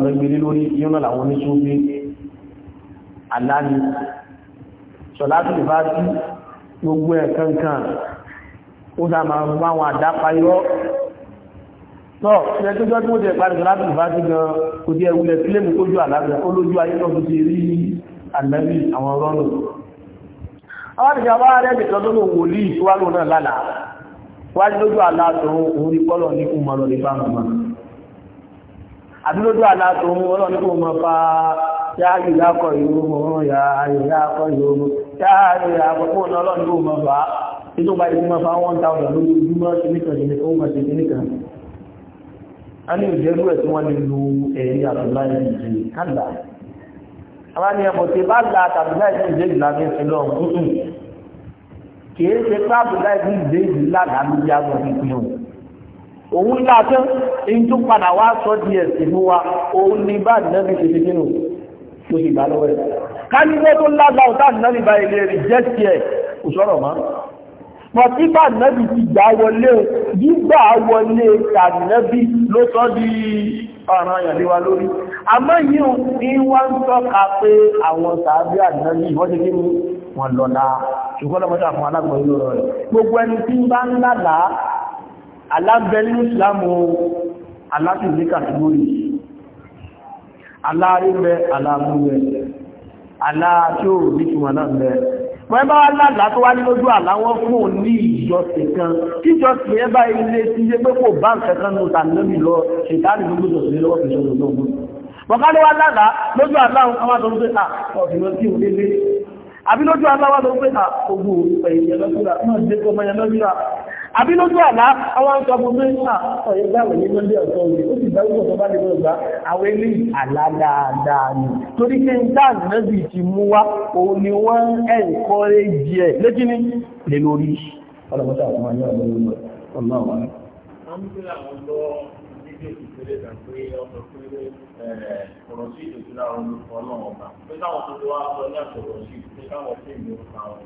ó sá máa ń bá wọn àdápa irọ́ tọ́ ṣe tó jọ́ tí wọ́n ti ẹ̀pá nìkan láti ìfà sí gan kò tí ẹ̀wúlẹ̀ fílẹ̀mù kójú àlábẹ̀ ó lójú ayé náà tó ti rí ànábì àwọn rọ́nù àwọn àti ìjàmbá rẹ̀ nìkan tó lòun wòlíì tó wà lóun náà lálàá wájú lójú àlá tòun òun ìyákọ̀ ìhòòhò yá ìyákọ̀ ìhòòhò yá tó bá ìlú máa fa one thousand lójoojúmọ́ ṣe nìkan ṣe nìkan ó máa ṣe nìkan a ní ìjẹ́rú ẹ̀ tí wọ́n lè lo ẹ̀rí àtúláì ni ẹ̀bọ̀ tí bá la àtàbíláì fún ìjẹ́ ìlànà ìṣẹ̀lẹ̀ ọ̀hún kìí ṣe pàbíláì fún ìjẹ́ ìlànà lórí agbọ̀n ìpínlẹ̀ òun látán èyí tó padà wá sọ di ẹ̀sìn fún wa òun ní bá ìnáwó ṣe fi nínú tó sì gbà lọ́wọ́ ẹ̀ ká ní wọ́n tó lágbà ọ̀tá ìnáwó ìbá ilé rẹ̀ jẹ́ tiẹ̀ òṣọ́rọ̀ máa pọtífà nẹ́bì ti gbà wọlé gbígbà wọlé tànẹ́bì ló sọ di ọ̀ràn àyànlẹ́wà lórí àmọ́ yíò ní wá ń tọ́ka pé àwọn sàábí ànẹ́bì wọ́n ti kíni wọn lọ́la ṣùgbọ́n lọ́mọdé àwọn alágbọ̀n yóò rọ̀ rẹ̀ gbogbo ẹni tí ń bá ń lálà alábẹ́ nínú ìsìlámù alátìlẹ́ náà bẹ wọ́n bá wá lálà tó wá ní lójú àlá wọn fún òní ìjọsìn kan kí ìjọsìn yẹn bá ilé tí yé pé kò bá nǹkan kan nù tàbí lóbi lọ ṣètàlì lóbi lọ sílé lọ́wọ́ ìṣòro lọ́wọ́ bọ̀kálẹ̀ wá lálà lójú àlá àwọn àtọ́ pé ọ̀sìnà tí ò lélẹ̀ àbí lójú àlá wá lọ pé ogun ẹ̀yìn ẹ̀lọ́síra náà dé àbí lójú àlá àwọn ń sọ fún mi à ọ̀yẹ́ gbàgbé ní lóde ọ̀tọ̀ òye ó sì gbàgbé ọ̀tọ̀ bá lè mọ̀ gbà àwọn eléyìí àlá dáadáa ni torí pé nǹkan ànábì ti mú wá òun ni wọ́n ẹ̀ńkọ́rẹ́jì ẹ̀ létí ní lè lórí ọlọ́mọdé àwọn ọmọ yóò lórí mọ̀ ọlọ́wọ́. wọ́n ń tẹ́lẹ̀ àwọn lọ níbi ìpele kan pé ọkọ̀ pé eh, ọ̀rọ̀ sí ìdòtí láwọn olùkọ́ náà ọ̀gá pé káwọn tó wá lọ ní àtọ̀rọ̀ sí pé káwọn fèèmí ó pa ọ̀rọ̀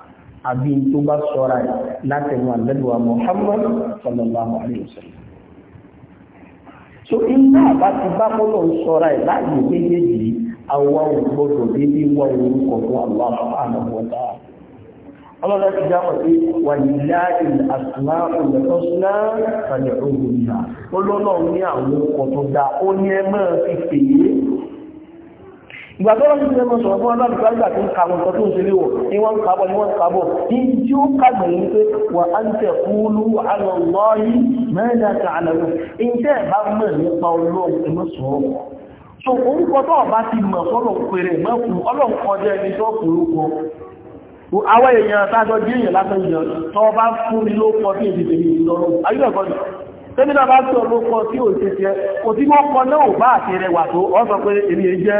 àbí tó bá sọ́ra látẹnu àlẹ́lùwà Muhammad sallallahu alayhi wa sallam. so iná àbá ti bá mọ́lọ̀ sọ́ra ẹ̀ láàyè méjèèjì àwa ò gbọ́dọ̀ débi wá orúkọ fún Allah subhanahu wa ta'ala. ọlọ́dọ̀ ti já wọ́n pé wà ní láàyè àtúná olùkọ́ sílá fàlẹ̀ ògùn náà. ó lọ́lọ́ ní àwọn ọkọ̀ tó dáa ó ní ẹ máa fi pèyé ìgbà tó lọ́sí ṣe mọ́ sọ̀rọ̀ fún ọlọ́run tó gbà tó ń ka wọn tó ń ṣe léwọ̀ ni wọ́n ń ka bọ̀ ni wọ́n ń ka bọ̀ ní tí ó kàgbẹ̀ ní pé wà á ń tẹ̀ kúlú àlọ́ lọ́ọ̀yì mẹ́rin àti àlàyé ìjẹ́ ìbá mọ̀ nípa ọlọ́run tó mọ̀ sọ̀rọ̀ so orúkọ tó ọba ti mọ̀ sọ́rọ̀ pèrè mẹ́kù ọlọ́run kọjá ẹni tó kúrúkọ àwọn èèyàn tájọ jí èèyàn látọ̀ èèyàn tó bá fún mi ló kọ sí èdè tèmi ìlọrọ ayé ẹ̀kọ́ ni tẹ́bí náà bá tí ọ ló kọ sí òṣèṣẹ́ òtí wọ́n kọ náà ò bá àti rẹwà tó ọ sọ pé èmi jẹ́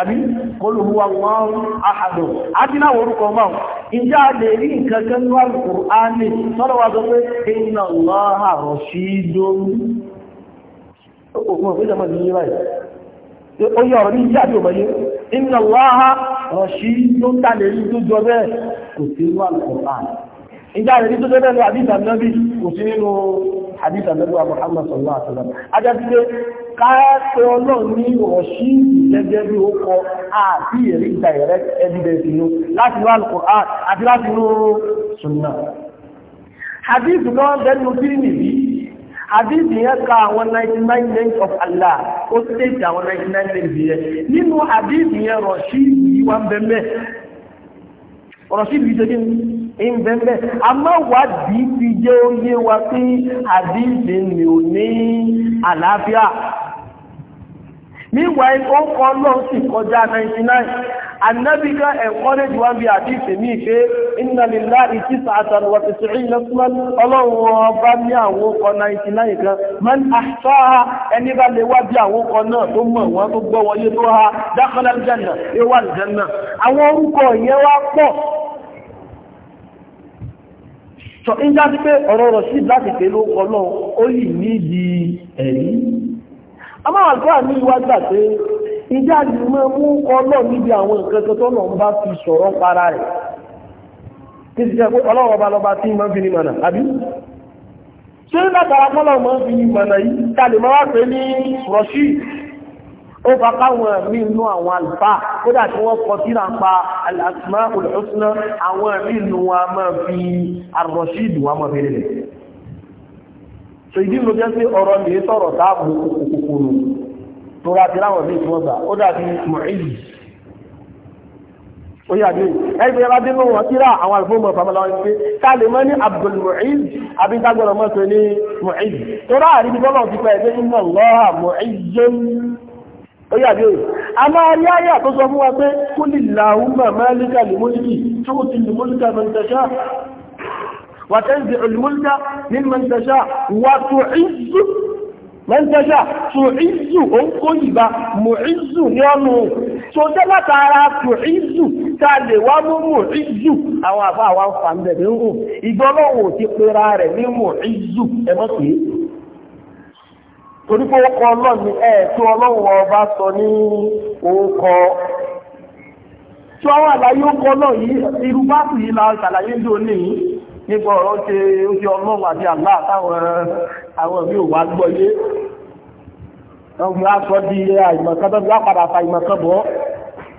àbí olùwà wọn àhàdò àti náà orúkọ máa ìjá lè rí nǹkan kan ní Al-Qur'ani sọ́lọ́wà tó pé inna Allaha rashidun òkun òfin jẹmọ́ ìyẹ́ báyìí ó yẹ ọ̀rọ̀ ní ìjá àti òmọ̀yé inna sí ní al ìjá lè rí tó jọ bẹ́ẹ̀ àbí ìtàbí kò sí nínú hadith anagba muhammad sallallahu alaihi wa sallam adájúdé káàkiri ọlọ́run ní ọ̀ṣí gẹ́gẹ́ bí ó kọ àti èrí direct evidence inú láti inú al-Qur'an àti láti inú sunna hadith náà bẹ́nu bírímì bí hadith yẹn ka àwọn 99 names of allah ó state àwọn 99 names yẹn nínú hadith yẹn rọ̀ṣí yìí wá ń ọ̀rọ̀ sí ibi ìṣẹ́jú ń bẹ́ẹ̀ àmọ́ wádìí fi jẹ́ ó wa pé àdíṣe ni ò ní àlàáfíà meanwhile ó kọ́ náà si kọjá 99 annabika encourage wọn bí àdífẹ́ ní pé inna lillahi tis'atan ọlọ́run ọba ní àwọn ọkọ̀ 99 kan man ahsaha ẹni bá lè wá bí àwọn ọkọ̀ náà tó mọ̀ wọn tó gbọ́ wọlé tó ha dakhala aljanna ewa aljanna àwọn orúkọ yẹn wá pọ̀ sọ ń jáde pé ọ̀rọ̀ rọ̀ a máa gbà ní iwájú pé ìjà ni mo mú ọlọ́ níbi àwọn nǹkan kan tó náà ń bá fi sọ̀rọ̀ para rẹ̀ kí ti jẹ́ pé ọlọ́run ọba lọ́ba tí máa ń fi ní mọ̀nà àbí ṣé látara pọ́lọ̀ máa ń fi ní mọ̀nà yìí ta lè wá pé ní rọ̀ṣì ó fa káwọn mí inú àwọn àlùfà kódà tí wọ́n kọ sí nàpa al-asmaul husna àwọn mí inú wọn máa fi ar-rashid wọn máa fi so ìdí ló jẹ́ sí ọ̀rọ̀ mi sọ̀rọ̀ táàbù kòkòrò tó ra ti láwọn míì tí wọ́n gbà ó dàbí mọ̀ẹ́lì ó yà bí ẹgbẹ́ yàrá dínú wọn kíra àwọn àlùfóò mọ̀ fàmọ́lá wọn pé ká lè mọ́ ní Abdul Mu'izz àbí dágbọ́dọ̀ mọ́ sọ ní Mu'izz tó rà àríbi bọ́lọ̀ ti pẹ́ ẹgbẹ́ inna Allaha Mu'izzun ó yà bí a máa rí ayé àtọ́sọ fún wa pé kul Allahumma malikal mulki tu'til mulka man tasha وتنزع الملك ممن تشاء وتعز من تشاء تعز أنقذ معز يانو sọjọ́ látara tùízù tààlè wá mú mùízù àwọn àbá àwọn fàndẹ̀dẹ̀ ń hù ìgbọ́lọ́wọ̀ ti pera rẹ̀ ní mùízù ẹmọ́pẹ́ torí pé ókọ ọlọ́ni ẹ̀ẹ̀tọ́ ọlọ́wọ̀ ọba sọ ní ókọ tí wọ́n wà láyé ókọ náà yìí irú bá sì yìí la ṣàlàyé ní òní yìí nípa ọ̀rọ̀ ṣe ó ṣe ọlọ́run àti àlá àtàwọn àwọn ìwé òwà gbọ́yé wọ́n fi aṣọ di àìmọ̀kan tó fi lápadà fa ìmọ̀kan bọ́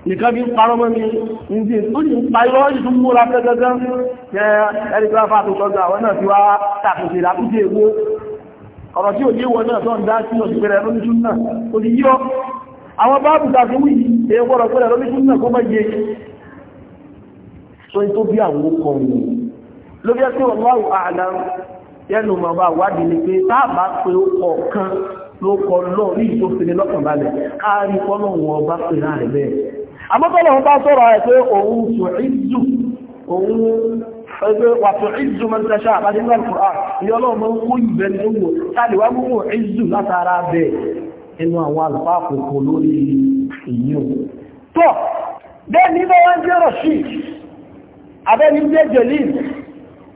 nìkan bí parọ́ mọ́ mi níbi tó ní pa irọ́ ìtún múra gẹ́gẹ́gẹ́ jẹ́ ẹni tó fà tó tọ́jú àwọn náà ti wá tàkùsì làkúté èwo ọ̀rọ̀ tí ò yé wọn náà tó ń dá báàbù tàbí wíyí èèwọ̀ ọ̀rọ̀ pẹ̀rẹ̀ kó mọ́ yé so tó bí àwọn kọ̀ọ̀rọ̀ ló jẹ́ pé wallahu a'lam yẹnu mọ̀ bá wádìí ni pé tá a bá pe ọ̀kan ló kọ lọ́ọ̀ ní ìtòfin lọ́kàn balẹ̀ káàrí fọ́nà wọn bá pè náà rẹ̀ bẹ́ẹ̀ àmọ́tọ́lọ̀ wọn bá sọ̀rọ̀ ẹ̀ pé òun tùízù òun ẹgbẹ́ wà tùízù mẹ́tẹ́ṣà àbájẹ́ náà kùrá ní ọlọ́run mọ́ ń kó ìbẹ̀ ní owó tàbíwá mú wọn ìzù látara bẹ̀ inú àwọn jẹ́ rọ̀ṣì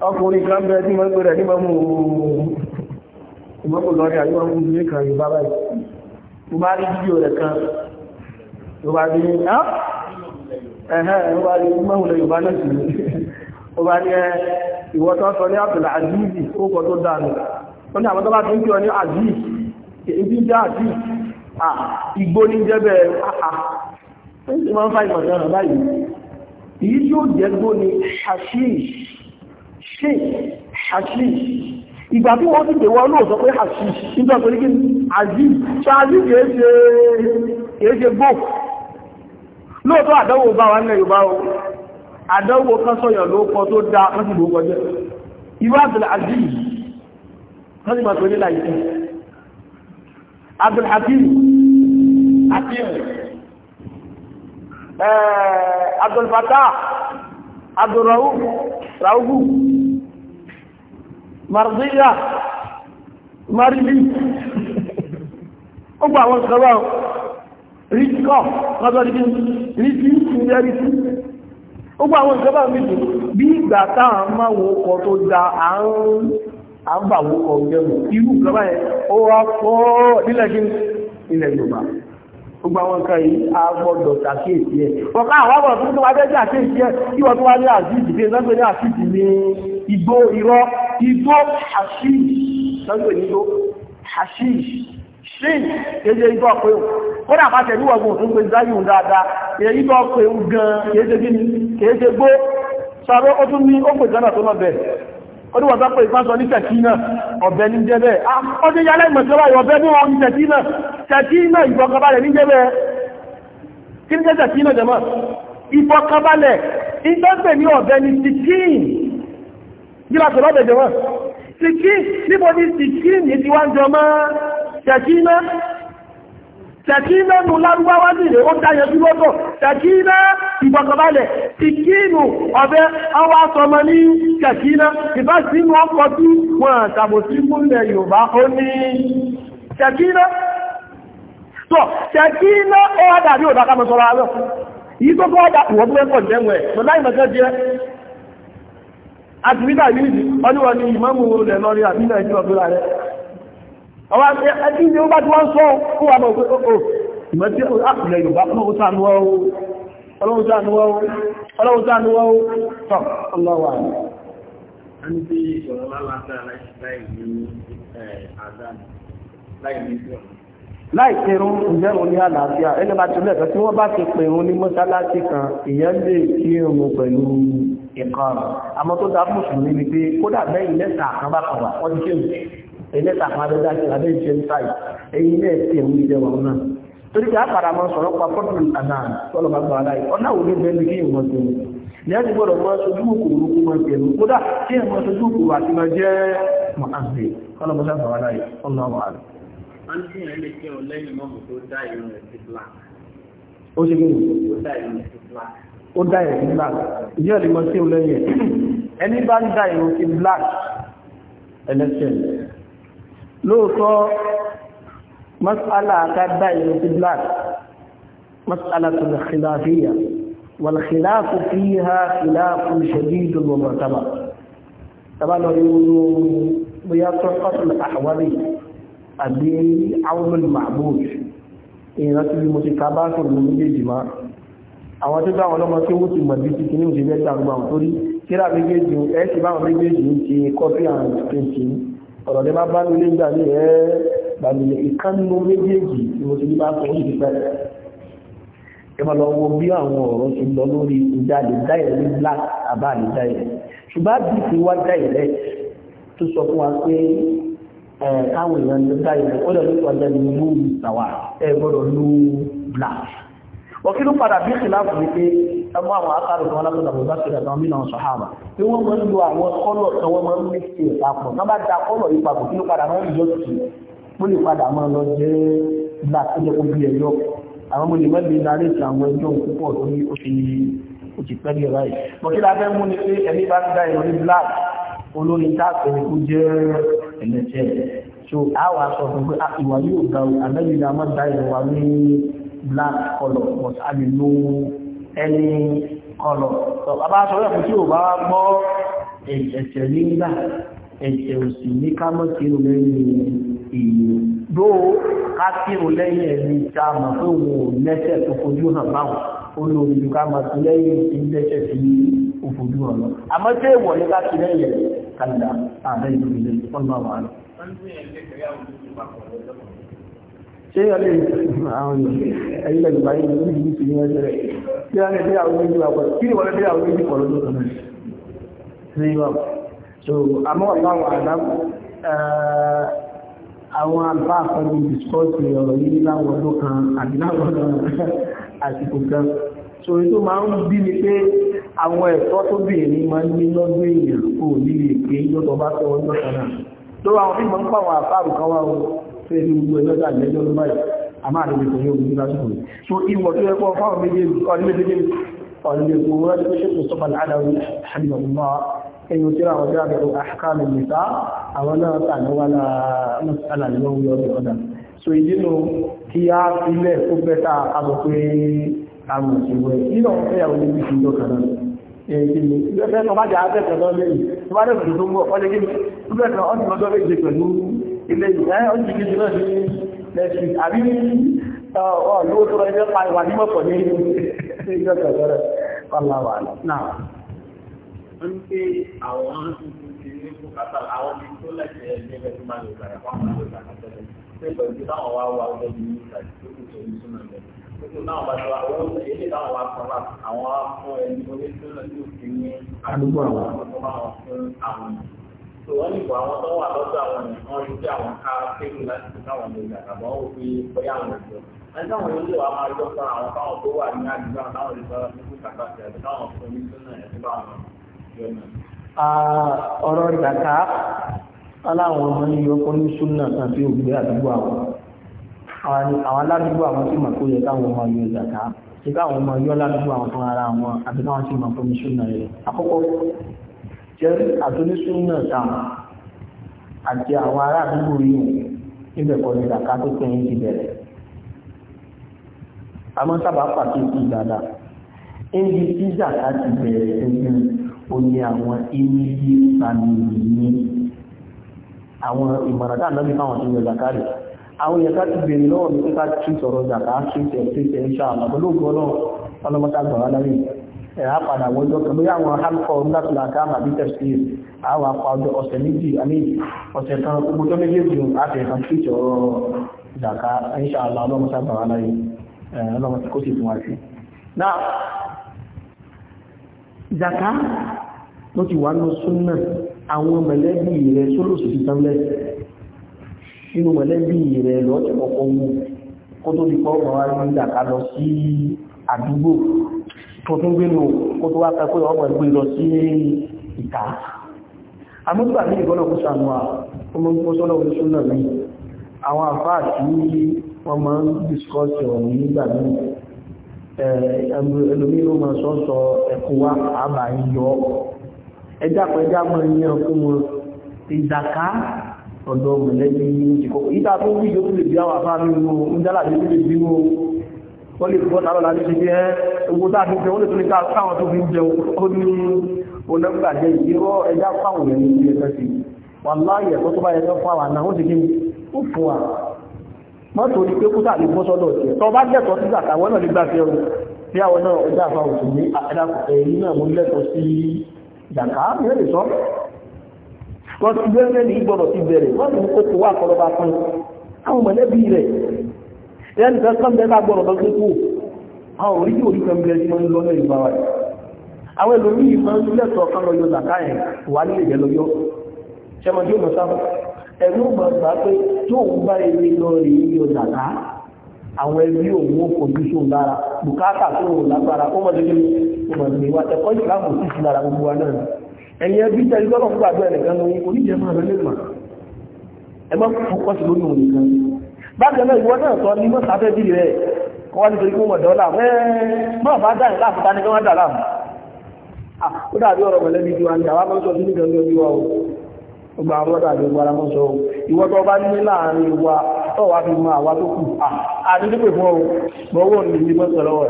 ọkùnrin kan bẹ tí wọ́n gbẹ̀rẹ̀ nígbà mú ìmọ́kù lọ́rẹ̀ àríwá mú ní kan yóò bá báyìí mo bá rí fídíò rẹ̀ kan tó bá bí ẹ̀hẹ́ ìwà rí mọ́hùnlẹ̀ yorùbá náà sí ó bá ní ìwọ tó sọ ní àbùlà àjíìsì ó kọ tó dànù ó ní àwọn tó bá ti ń kí ọ ní àjíìsì èyí jẹ́ àjíìsì igbó ní jẹ́bẹ̀ àà ṣe hashish ìgbà tí wọ́n ti tèwọ́ náà sọ pé hashish nígbà pé kí aziz ṣáàzí kìí gbò lóòtọ́ na bá wà nílẹ̀ Yorùbá o àdánwò kan sọ̀yọ̀ ló kọ tó dá Abdul Fatah Abdul mardiya marili ó gba àwọn ìṣẹ́wà ríkọ́ lọ́dọ̀ ríkí ríkí ìrẹ́ríkí ó gba àwọn ìṣẹ́wà méjì bí ìgbà táà máa wo ọkọ̀ tó da àrùn àbàwò ọ̀gẹ́mù irú ìjọba ẹ̀ ó wá fọ́ nílẹ̀ kí ilẹ̀ Yorùbá gbogbo àwọn nǹkan yìí a gbọ́dọ̀ ṣàkíyèsí ẹ̀ ọ̀ká àwọn ọ̀rọ̀ tó wá bẹ́ẹ̀ ṣàkíyèsí ẹ̀ kí igbó irọ́ igbó hashish lọ́gbẹ̀ nígbó hashish ṣíìn kéje igbó ọ̀pẹ́ o ó dà bá tẹ̀lú ọgbọ̀n tó ń gbé záyùn dáadáa kéje igbó ọ̀pẹ́ o gan kéje gíní kéje gbó sọ̀rọ̀ ó tún ní ó pè gánà tó lọ bẹ̀ ó ní wọ́n pé ìfán sọ ní tẹ̀kínà ọ̀bẹ ní jẹ́bẹ̀ ah, ó ní yálẹ́ ìmọ̀sílá ìwọ̀bẹ ní wọn ní tẹ̀kínà tẹ̀kínà ìfọ̀kànbalẹ̀ ní jẹ́bẹ̀ kí ní jẹ́ tẹ̀kínà jẹ́mọ́ ìfọ̀kànbalẹ̀ ìfẹ́fẹ́ ní ọ̀bẹ ní bí láti lọ́bẹ̀ jẹ wọ́n tìkí níbo ní tìkí ní ti wá ń jọ mọ́ tẹ̀kíná tẹ̀kíná nù lárúgbáwá nílé ó dáyẹ bí lọ́tọ̀ tẹ̀kíná ìgbọ̀kọ̀bálẹ̀ tìkínù ọ̀bẹ́ ọwọ́ asọmọ ní tẹ̀kíná ìbá sínú ọkọ̀ tí wọ́n àtàbòsí múlẹ̀ Yorùbá ó ní tẹ̀kíná tọ̀ tẹ̀kíná ó wá dàbí òdàkàmọ̀sọ̀rọ̀ àárọ̀ yìí tó kọ́ wá dà wọ́n bí wọ́n kọ̀ jẹ́ àti nígbà ìrìnjì ọdíwọ̀ ni ìmọ́mù rẹ̀ lọ rí àbí nàìjíríà tó rà rẹ̀ ọwá ẹtí ni ó bá ti wọ́n sọ kó wà mọ̀ pé oh, oh, ó ìmọ̀tí ah, àpìlẹ̀ yorùbá ọlọ́run sáànúwọ́ ọlọ́run sáànúwọ́ ọlọ́run sáànúwọ́ tọ́ ọlọ́wà ẹni tí ọ̀rọ̀ lálátà láì ní àdánù láì ní ìjọba láì pẹ̀rún ìyẹn òun ní àlàáfíà ẹni bá ti lẹ́ẹ̀kan tí wọ́n bá ti pẹ̀rún ní mọ́sálásí kan ìyẹn lè kí irun pẹ̀lú ìkan àmọ́ tó dáa mùsùlùmí ni pé kódà mẹ́yìn lẹ́sà kan bá kọ̀wà wọ́n ti kéwù ẹlẹ́sà kan abẹ́dá sí abẹ́ ìṣẹ́ ìsáì ẹ̀yìn náà ti ẹ̀wù ìjẹ wọn náà torí pé àpàrà mọ́ sọ̀rọ̀ pa fọ́tún àná tọ́lọ̀ bá gbọ́ aláì ọ̀nà òní bẹ́ẹ̀ ni kí ìwọ̀n ti ní ẹni gbọ́dọ̀ mọ́ sojú kòkòrò kó máa tẹ̀lú kódà kí ẹ̀mọ́ sojú kòkòrò àti máa jẹ́ mọ́ àgbẹ̀ ọlọ́mọdé àgbà aláì ọlọ́mọ àlẹ́ wọ́n ní ìyẹn lè kí òun lẹ́yìn mọ́mù tó dá irun rẹ̀ sí black. ó ṣe kí ó dá irun rẹ̀ sí black. ó dá irun sí black ìjọ ìdìmọ̀ sí òun lẹ́yìn ẹni bá ń dá irun sí black ẹlẹ́sẹ̀ lóòótọ́ mas'ala ká dá irun sí black mas'ala tó lè khilafiyya wal khilafu fiha khilafun shadidun wa mu'tabar. tabalọ́ yóò bóyá tó kọ́tù àwárí àbí awolol mahmood èèyàn tí mo ti ka bá sọ̀rọ̀ méjèèjì má àwọn tó bá wọn lọ́mọ tí ó ti mọ̀ bí ti kíní òṣèlú ẹ̀ta àgbà torí kíra méjèèjì ẹ̀ sì bá wọn méjèèjì ń ti kọ́fí àwọn tuntun ọ̀rọ̀ lè má bá mi lé gbà ní ẹ̀ gbàlẹ̀ ìkánú méjèèjì tí mo ti ní bá sọ̀rọ̀ ti pẹ́ ẹ lọ wo bí àwọn ọ̀rọ̀ ti lọ lórí ìjà lè ní black àbá lè dá bí ti wá dá káwọn èèyàn ló dá ìlú ó lè ní ọjọ́ ní ìlú ìsàwà ẹ gbọ́dọ̀ lú bla wọ́n kí ló padà bí ìsìláàbù ní pé ẹmú àwọn akáàrù kan látọ̀dọ̀ bó bá ṣẹlẹ̀ tán mílíọ̀nù sọ̀háàbà pé wọ́n máa ń lo àwọn kọ́lọ̀ tí wọ́n máa ń mí ṣe ìpapọ̀ náà bá da kọ́lọ̀ yìí papọ̀ kí ló padà máa ń yọ sí mo lè padà máa lọ jẹ́ bla tó jẹ́ kó bí ẹ̀yọ́ àwọn mo lè mọ́ lè darí ti àwọn ẹjọ́ púpọ̀ tó ní ó ti pẹ́ bí ẹ̀ báyìí mo kí la fẹ́ mú ni pé ẹ̀mí bá ń da ìròyìn black olórí táàpẹ̀ ó jẹ́ ẹlẹ́tẹ̀ so àwọn aṣọ fún pé ah, ìwà yóò ga àmẹ́lì náà máa da ìwà ní black colour but a lè lo ẹni colour so bàbá aṣọ rẹ̀ fún tí ò bá gbọ́ ẹ̀jẹ̀ nígbà ẹ̀jẹ̀ òsì ní kámọ́ sí ìlú lẹ́yìn èèyàn dó ká sí ìlú lẹ́yìn ẹ̀mí ta mọ̀ pé òun ò tó fojú hàn báwọn ó lo ìlú ká máa sí lẹ́yìn tí sí òfojú hàn àmọ́ tí èèwọ̀ ní ká lẹ́yìn ẹ̀mí kálá ààrẹ ìlú ilé ọlọ́ wa rẹ̀. ṣé ọlẹ́ àwọn ẹ̀yìnlẹ̀ ìgbà yìí ló ní ìlú ní ọjọ́ rẹ̀ kí wọ́n lè bí àwọn méjì wà pọ̀ kí ni wọ́n lè bí àwọn méjì pọ̀ lọ́dún kan náà sí wà pọ̀ so àmọ́ ọ̀làwọ̀ àdá àwọn àbá eh, àkọ́ni discourse ọ̀rọ̀ yìí láwọn ọdún kan àbí láwọn àsìkò kan sórí tó máa ń bí ni pé àwọn ẹ̀tọ́ tó bèèrè máa ń ní lọ́dún èèyàn kò nílé pé lọ́tọ̀ bá tẹ́wọ́ lọ́tọ̀ náà lórí àwọn fíìmọ̀ ń pàwọn àfáàrù kan wá o fẹ́ ní gbogbo ẹlọ́jà lẹ́jọ́ ló báyìí a máa lè kò ní ní lásìkò rẹ̀ so ìwọ̀ tó yẹ kọ́ fáwọn méjèèjì ọdún méjèèjì ọdún lè kó wọ́n tó ṣe kò sọ́pà láàdáwí àdìmọ̀ mọ́ ẹni tí àwọn tí a bẹ̀rẹ̀ nìta àwọn náà tà ní wà láàrín ọdún so ìdínú kí á fi lẹ̀ bẹ́ta àbọ̀ àwọn òṣèlú ẹ̀ nínú ọ̀hún fẹ́ àwọn oníbi ìṣòro kan náà ẹ̀ẹ́dínlẹ̀ ìgbẹ́fẹ́ tó bá jẹ́ abẹ́kẹ̀ẹ́ lọ́lẹ́ yìí tó bá dẹ̀ tó ń bọ̀ ọdẹ́ gíní ìgbẹ́fẹ́ ọdún ọdún méje pẹ̀lú ilé yìí ẹ̀ ọdún méje náà ní lẹ́sìn àbí ọ̀lú tó rẹ̀ nípa ìwà nímọ̀ pọ̀ ní ìgbẹ́fẹ́ rẹ̀ pàlàwà náà. wọ́n ń pé àwọn tuntun ti ní bùkátà àwọn ti tó lẹ́sẹ̀ ẹgbẹ́ tó máa lè gbàrà fún àwọn àgbẹ̀ Àdúgbò àwọn. Tòwọ́n nìbò àwọn tó wà lọ́dọ̀ àwọn nìkan rí pé àwọn ká kéwù láti fi káwọn lè gbà àbọ̀ ó fi bóyá àwọn ìjọ. Ẹni táwọn yóò lè wà máa yọ sọ àwọn táwọn tó wà ní àdúgbò àwọn táwọn lè sọ fífún kàkà sí àti táwọn fún ní sínú ẹ̀ tó bá wọn yọ náà. Ọ̀rọ̀ ìgbàká aláwọn ọmọ yìí ọkọ ní súnà àti òbí àdúgbò àwọn àwọn aládùúgbò àwọn tí mọ̀ kó yẹ káwọn ọmọ yóò zàká ṣe káwọn ọmọ yóò aládùúgbò àwọn fún ara wọn àti káwọn tí mọ̀ fún ìṣúná rẹ̀ àkọ́kọ́ jẹ́ àtúnṣúná tàn àti àwọn ará àdúgbò yìí níbẹ̀ kọ́ ní zàká tó pẹ́yìn ti bẹ̀rẹ̀ àmọ́ sábà pàkíyèsí dáadáa níbi tí zàká ti bẹ̀rẹ̀ ẹgbẹ́ o ní àwọn immediate family ní àwọn ìmọ̀ràn dáadáa àwọn èèyàn ti bèèrè lọ́wọ́ mi pípa tí sọ̀rọ̀ jàkà tí tẹ̀ tí tẹ̀ ń ṣá àmọ́ pẹ̀lú náà ọlọ́mọta gbọ̀rọ̀ láyé ẹ̀rá padà wọ́jọ́ pẹ̀lú àwọn hálùkọ́ ńlátìlá káàmà bí tẹ̀sí àwọn apájọ ọ̀sẹ̀ méjì àní ọ̀sẹ̀ kan gbogbo méjèèjì àtẹ̀kan tí sọ̀rọ̀ jàkà ń ṣá ọlọ́mọta gbọ̀rọ̀ ọlọ́mọta kó sì fún wa sí. náà jàkà ló ti wà ní àwọn mẹ̀lẹ́bí rẹ̀ ti tán inú mọ̀lẹ́bí rẹ̀ lọ́jọ́ ọ̀pọ̀ wọn kó tó di pọ́ wọn wá ní ìdàkà lọ sí àdúgbò tó tún gbé lò kó tó wá pẹ́ pé ọmọ ẹgbẹ́ lọ sí ìta àmúgbà ní ìgbọ́nà kó sànú ọmọ ń pọ́sọ́nà orísun náà ní àwọn àfáà máa ń discuss ọ̀rọ̀ nígbà àbà yíyọ ẹjá pẹ̀já mọ́ ìyẹn fún wọn ìdàkà ọ̀dọ̀ mọ̀lẹ́bí ìkọ̀kọ̀ yíta tó wí yóò lè bí àwọn afáàmì inú oúnjẹ́lá lè lè bí wó wọ́n lè fọ́ tààrọ̀ láti ṣe bí ẹ́ owó dáadé jẹun lè tó ní káwọn tó fi ń jẹun ó ní onágbàjẹ ìdíwọ́ ẹjá fáwọn ẹni ilé ẹ̀fẹ́ sí wọn láàyè tó tó bá ẹjọ́ fún àwọn àná ó ti kí ó fún wa mọ́tò ní pé kúta lè bọ́ sọ́dọ̀ wọ́n ti gbé ẹgbẹ́ ní ìgbọ̀rọ̀ ti bẹ̀rẹ̀ wọ́n ti kó ti wá àkọlọ́ba fún àwọn mọ̀lẹ́bí rẹ̀ ẹni kan kan bẹ́ẹ̀ bá gbọ́rọ̀ bá kókó àwọn orí orí kan bẹ́ẹ̀ ti máa ń lọ ní ìgbà wa àwọn ẹlòmíì máa ń lẹ́tọ̀ kan lọ yọ zàká ẹ̀ wà ní ìjẹ́ lọ yọ ṣẹmọ tí ó mọ̀ sáà ẹ̀rú mọ̀ gbà pé tó ń bá ẹni lọ rí yọ zàká àwọn ẹbí òun ó kò dúṣò lára bùkátà tó ń lágbára ó mọ̀ ẹ̀yẹ bí tẹ́lẹ̀ lọ́rọ̀ fún àgbẹ̀ nìkan lóyún oníjẹ máa lọlé mà ẹ má fọkọ́ sí lónìí òun nìkan bákan náà ìwọ náà sọ ní mọ́ sáfẹ́ bí rẹ̀ kọ́ wá nítorí kó mọ̀ dọ́là mẹ́ẹ̀ẹ́ má bá dáyìn láàfúta ní kí wọ́n dà láàmú ó dàbí ọ̀rọ̀ mọ̀lẹ́bí ju àǹdà wá mọ́ sọ sí nìkan lórí wa o gbogbo àwọn ọ̀dà àti ìgbàlá mọ́ sọ o ìwọ tó bá ní láàrin wa tó wá fi mọ àwa tó kù àti dípò fún ọ gbọ́wọ́ ní ìdí mọ́sọ̀ lọ́wọ́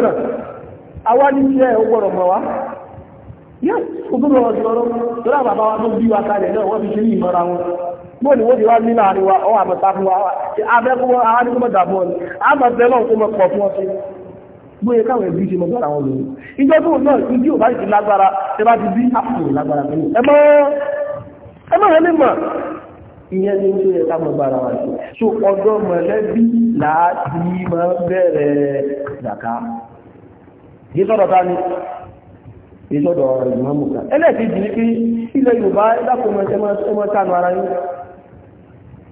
rẹ̀ ó yes òtúrò ọ̀sọ̀rọ̀ tọ́lá bàbá wa tó bí wa kalẹ̀ náà wọ́n fi ṣe ní ìmọ̀ra wọn mọ́ ni wọ́n ti wá ní láàrin wa ọwọ́ àmọ̀ta fún wa abẹ́kúnmọ́ àwọn ní kó mọ̀ dàbọ̀ ni àmọ̀tẹ́ náà kó mọ̀ pọ̀ fún ọtí bóyá káwọn ẹbí ṣe mọ̀ bára wọn lòun ìjọ tó náà ìdí òbá ìdí lágbára ẹ bá ti bí àpò lágbára pẹ̀lú ẹ mọ́ ẹ mọ́ ẹ mọ̀ ìyẹn ní tó yẹ káwọn ìjọdọ̀ ìmọ̀mù kan ẹlẹ́ẹ̀kejì ní pé ilẹ̀ Yorùbá lákòómọ̀ ẹmọ tánu ara yín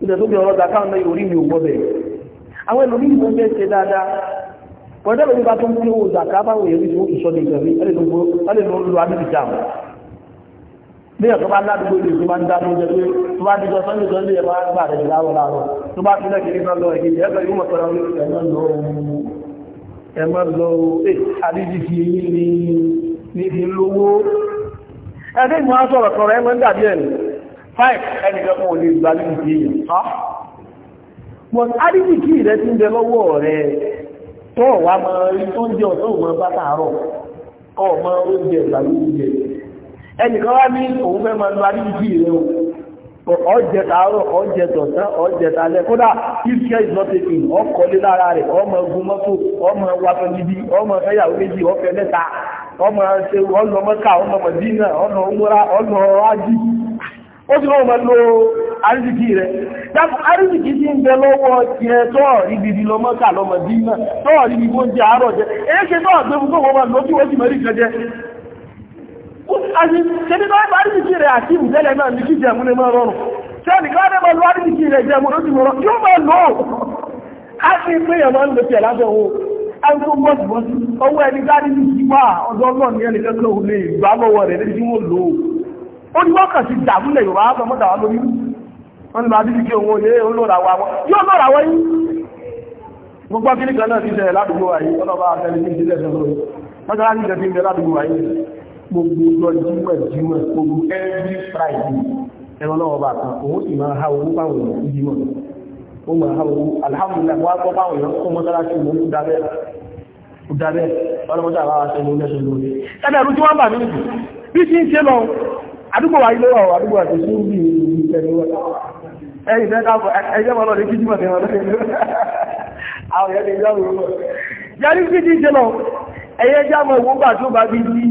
ilẹ̀ tó bí ọ̀rọ̀ dàkáwọn náà orí mi ò gbọ́ bẹ̀ àwọn ẹlòmí ìmọ̀ bẹ́ẹ̀ ṣe dáadáa pọ̀jẹ́ lórí bá tó ń pín owó zàká báwọn èèyàn tó ń sọ ní ìgbẹ̀mí ẹlẹ́dọ̀gbọ́ lọ adébì dáa bí ẹ̀kọ́ bá ládùúgbò lè tó bá ń dá tó jẹ pé tó bá dijọ́ sọ́njẹ́ sọ́njẹ́ ẹ̀ gbà rẹ̀ jù láwọ̀ tó bá fi lẹ́kẹ̀ẹ́ nípa lọ ẹ̀kẹ́ ẹ̀kọ́ yóò mọ̀ sọ́ra ẹ má lọ ẹ̀ àdíjìkì yìí ni níbi lówó ẹ̀dẹ́ ìmọ̀ sọ̀rọ̀ sọ̀rọ̀ ẹ mọ́ ń dàbí ẹ̀nì 5 ẹnìkan kò lè gbà àdíjìkì yìí ha but àdíjìkì rẹ̀ ti ń bẹ lọ́wọ́ rẹ̀ tó wà mọ́ rí tó ń jẹ ọ̀tọ́ òmọ bá tààrọ̀ ọmọ oúnjẹ ìgbàlódé ẹnìkan wá ní òun fẹ́ máa lo àdíjìkì ọjẹ tààrọ̀ ọjẹ tọ̀sán ọjẹ tààlẹ̀ kódà iṣẹ́ ìlọ́tẹ̀kùn ọkọ̀lé lára rẹ̀ ọmọ ogun mọ́tò ọmọ wàtọ̀ níbi ọmọ ẹ̀yàwó méjì ọ̀fẹ́ mẹ́ta ọmọ ṣe ọlọ ọmọ mọ̀dínà ọlọ ọmọra ọmọ ajì ó sì lọ́wọ́ lo rẹ̀ dákùn ń bẹ lọ́wọ́ ibi-ibi lọ lọ àárọ̀ jẹ tọ́ọ̀ àti ṣẹ́bí bá bá rí rẹ̀ àti ìjẹ́lẹ̀ náà ní jẹmú ní máa rọrùn ṣẹ́bí bá rẹ̀ bá rí kí rẹ̀ jẹmú ló mọ̀rọ̀ yóò máa lọ á sì pé ẹ̀mọ́ ń lòtì ẹ̀lábẹ̀ wo ẹgbẹ́ mọ́sibọ́sí owó ẹni dárí ní ìwà ọ̀dọ́ náà ní ẹni gbogbo lọ jímọ̀ jímọ̀ gbogbo every friday ẹran náà ọba kan òun sì máa ha owó báwọn èèyàn jímọ̀ ó máa ha owó alhamdulillah wá gbọ́ báwọn èèyàn kọ́ mọ́sálásí òun ó dábẹ́ ọlọ́mọdé àwọn lórí ẹgbẹ́ tí wọ́n bà bí sí ń ṣe lọ àdúgbò àdúgbò àti sí ń bí wọn ẹ̀yìn fẹ́ káàkọ̀ lọ́dẹ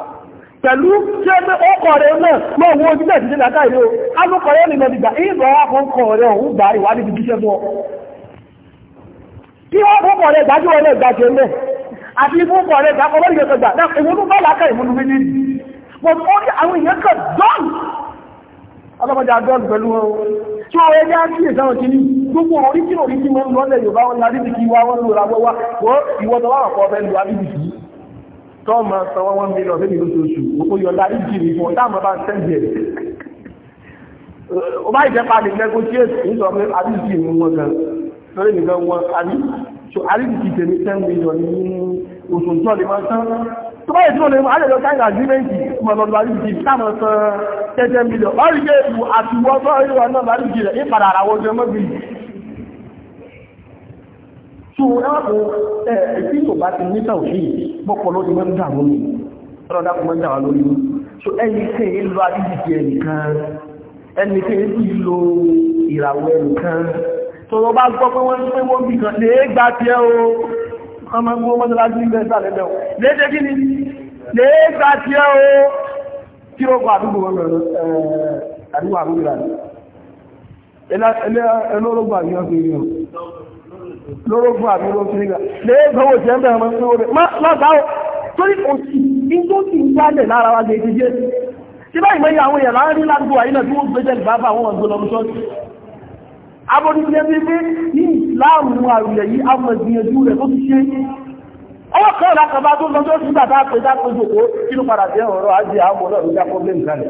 pẹ̀lú tí ó pé ó kọ̀ọ̀rẹ́ náà ojú o alúkọ̀ọ́rẹ́ nìmọ̀ dìgbà ìbọ̀ wọn kọ̀ọ̀rẹ́ òun gbà ìwádìí ti jíṣẹ́ fún kí wọ́n fún kọ̀ọ̀rẹ́ ìdájú wọn náà gbàjẹ́ mẹ́ àti fún kọ̀ọ̀rẹ́ ìdákọ̀ wọ́n yẹ kọjá náà èwo ló bá lákà ìmúlú tó ma sanwọ́ wọ́n mílọ̀ sí ìlú oṣù ó yọ lárí jìrì fún ọ̀dá àmọ́ bá ń tẹ́jẹ̀ ó bá ìjẹ́pá lè jẹ́ kó tí èsì ń sọ pé àríjì mú wọn gan lórí nìkan wọn àrí so àríjì ti tèmi ten million ní oṣù tó lè máa tán tó bá yẹ tí wọ́n lè máa lẹ́yọ káyìn àgbímẹ́ǹtì mọ̀ lọ́dọ̀ àríjì táwọn san tẹ́tẹ́ mílíọ̀n ọ̀rí yẹ́ ìlú àtiwọ́ tó ìwọ̀n náà àríjì rẹ̀ ìpadà àràwọ̀ jẹ́ mọ́bìlì tó ẹwàpọ̀ ẹ̀ẹ́sí tó bá ti níta òfin bọ́pọ̀ lọ́dún mọ́ ń dà lórí ọlọ́dá kò mọ́ ń dà wà so ẹni tẹ́ ẹ lọ adíjìjì ẹnìkan ẹni tẹ́ ẹ sì lo ìràwọ̀ ẹnìkan tó lọ bá gbọ́ pé wọ́n ń pé wọ́n bì ẹlọ́rọ̀gbà ni wọ́n fi rí lórógún àbí lórógún nígbà lẹ́yìn gbọ́wọ́ jẹ́ ń bẹ̀rẹ̀ mọ́ sí orí lọ́gbàáwọ̀ torí òsì tó sì ń jálẹ̀ lára wa gẹ̀ẹ́ ti jẹ́ tí báyìí mẹ́yà àwọn èèyàn láàrin lágbó àyínà tí wọ́n gbẹ́jẹ́ bàbá àwọn ọ̀gbọ́n lọ́mú ṣọ́ọ̀tì abọ́dúnjẹ́ wípé ní ìsìláàmù àrùlẹ̀ yìí amọ̀gbìyànjú rẹ̀ tó ti ṣe ọwọ́ kan lákàbá tó lọ́jọ́ sí bàbá pẹ̀dá pẹ̀jọ́ kó kí ló padà jẹ́ ọ̀rọ̀ ajé àwọn ọlọ́run já pọ́blẹ́mù kalẹ̀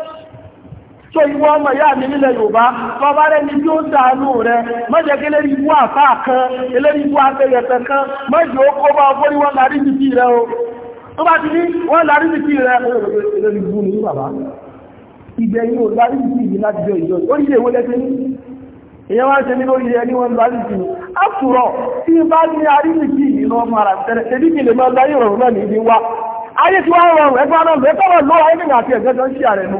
tó ìwọ ọmọ ìyá mi nílẹ̀ Yorùbá bàbá rẹ̀ ni bí ó dànù rẹ̀ mọ́jẹ̀ kí lérí ibú àfá kan eléri ibú afẹ́yẹ̀fẹ́ kan mọ́jẹ̀ ó kó bá ọgbọ́n wọn lárí bìbí rẹ̀ o tó bá ti ní wọ́n lárí bìbí rẹ̀ eléri ibú ni bàbá ìgbẹ̀ yìí ò lárí bìbí yìí láti jọ ìjọ ó nílé ìwọlẹ́ tẹ́lí èyàn wá ṣe ní lórí ẹ ní wọn lárí bìbí àtúrọ̀ tí bá ní àríbìbí yìí lọ mọ ara tẹ́lẹ̀ tẹ́lẹ̀ kí lè máa láyé ìrọ̀rùn náà ní ibi wá ayé tí wọ́n rọrùn ẹgbẹ́ náà lẹ́kọ̀ọ́ lọ́wọ́ ayé nìyà àti ẹ̀gbẹ́ tó ń ṣe àrẹ̀ nù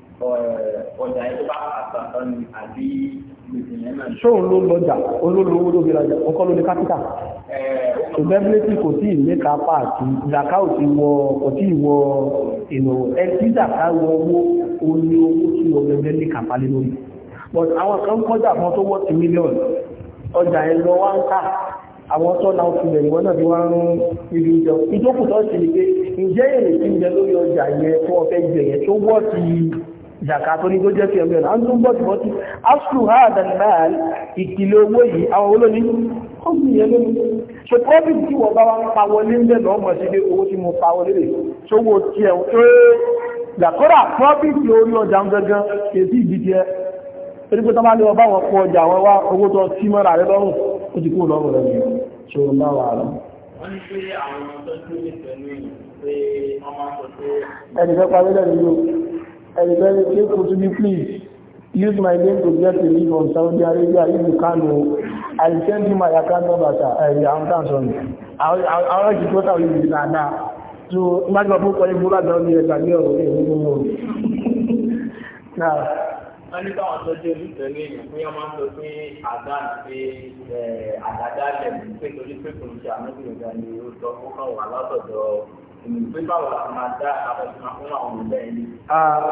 ọjà yẹn bá àtàtàn ni àbí gbèsè yẹn náà. ṣó ló lọjà olólùwò ló fi rajà ó kọ́ ló ní kápítà. so definitely kò tí ì ní kápá àti zaka ò ti wọ kò tí ì wọ ìnáwó ẹ tí zaka wọ owó ó ní owó tí o gẹ́gẹ́ ní kápá lé lórí. but àwọn kan kọjá kan tó wọ́ ti mílíọ̀nù ọjà yẹn lọ wá ń kà àwọn tó náà fi lẹ̀yìn wọ́n náà bí wọ́n rún ìlú ìjọ ìjókòó tó ti ní pé ǹjẹ́ èrè tí ń jẹ lórí ọjà yẹn tó ọ̀fẹ́ jẹ yẹn tó wọ́ ti zakato ní tó jẹ́ sí ẹgbẹ̀rún a ń tún bọ́ tìbọ́tí asùlù àdàndàl ìkìlẹ̀ owó yìí àwọn olóní ọmọnìyàn lónìí so profit tí wọ́n bá pa ọmọ sí pé owó tí mo pa wọlé rẹ̀ tó wo tí ẹ̀ tó zàkọ́rà profit tí orí ọjà ń ti ẹ̀rẹ̀bẹ̀rẹ̀ pé kò to me, please use my name to get the leave from Saudi Arabia if you can o oh, I send you my account number sir ẹ̀rẹ̀ àwọn tàn sọ̀rọ̀ àwọn ọ̀rọ̀ ìṣètò tàbí ìbí dáadáa tó májúmọ̀ fún kọ́ ibú láti ọdún ẹ̀ta ní No. ní ìlú mọ̀ wọ́n ní báwọn tọ́jú olùtẹ̀lé èèyàn pé wọ́n máa ń sọ pé àdá àti àdádálẹ̀ pé torí pé kò ń ṣe àmúgbìyànjú ni ó sọ ó kàn látọ̀dọ̀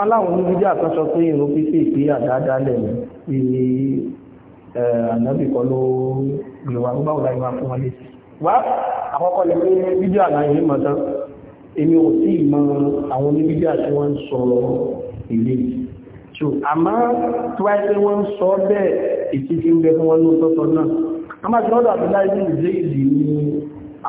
aláwọn oníbídí àkọ́sọ pé ìrún pípé ìpé àdáadáa lẹ́nu ìní ànábì kọ́ ló gbìyànwà ló báwọn láyé wá fún wọn lé wá àkọ́kọ́ lè pé fídíò àlàyé yìí mọ̀tán èmi ò sí ìmọ̀ àwọn oníbídí àti wọ́n ń sọ ilé tí ó àmọ́ tí wáyé pé wọ́n ń sọ bẹ́ẹ̀ ìtìtì ń bẹ fún wọn ló tọ́tọ́ náà a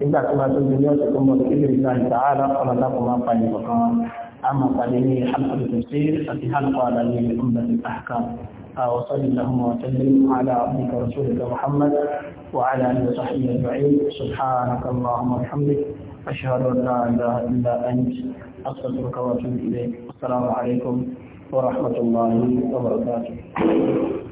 nígbà tó bá tó di ní ọ̀sẹ̀ tó ń bọ̀ ní ìlú ìlú àìsàárà ọ̀làdàpọ̀ máa pa ìbọn kan a máa pàdé ní halkul àti halkul àlàyé umdat al-ahkam وصل اللهم وسلم على عبدك ورسولك محمد وعلى اله وصحبه اجمعين سبحانك اللهم وبحمدك اشهد ان لا اله الا انت استغفرك واتوب اليك السلام عليكم ورحمه الله وبركاته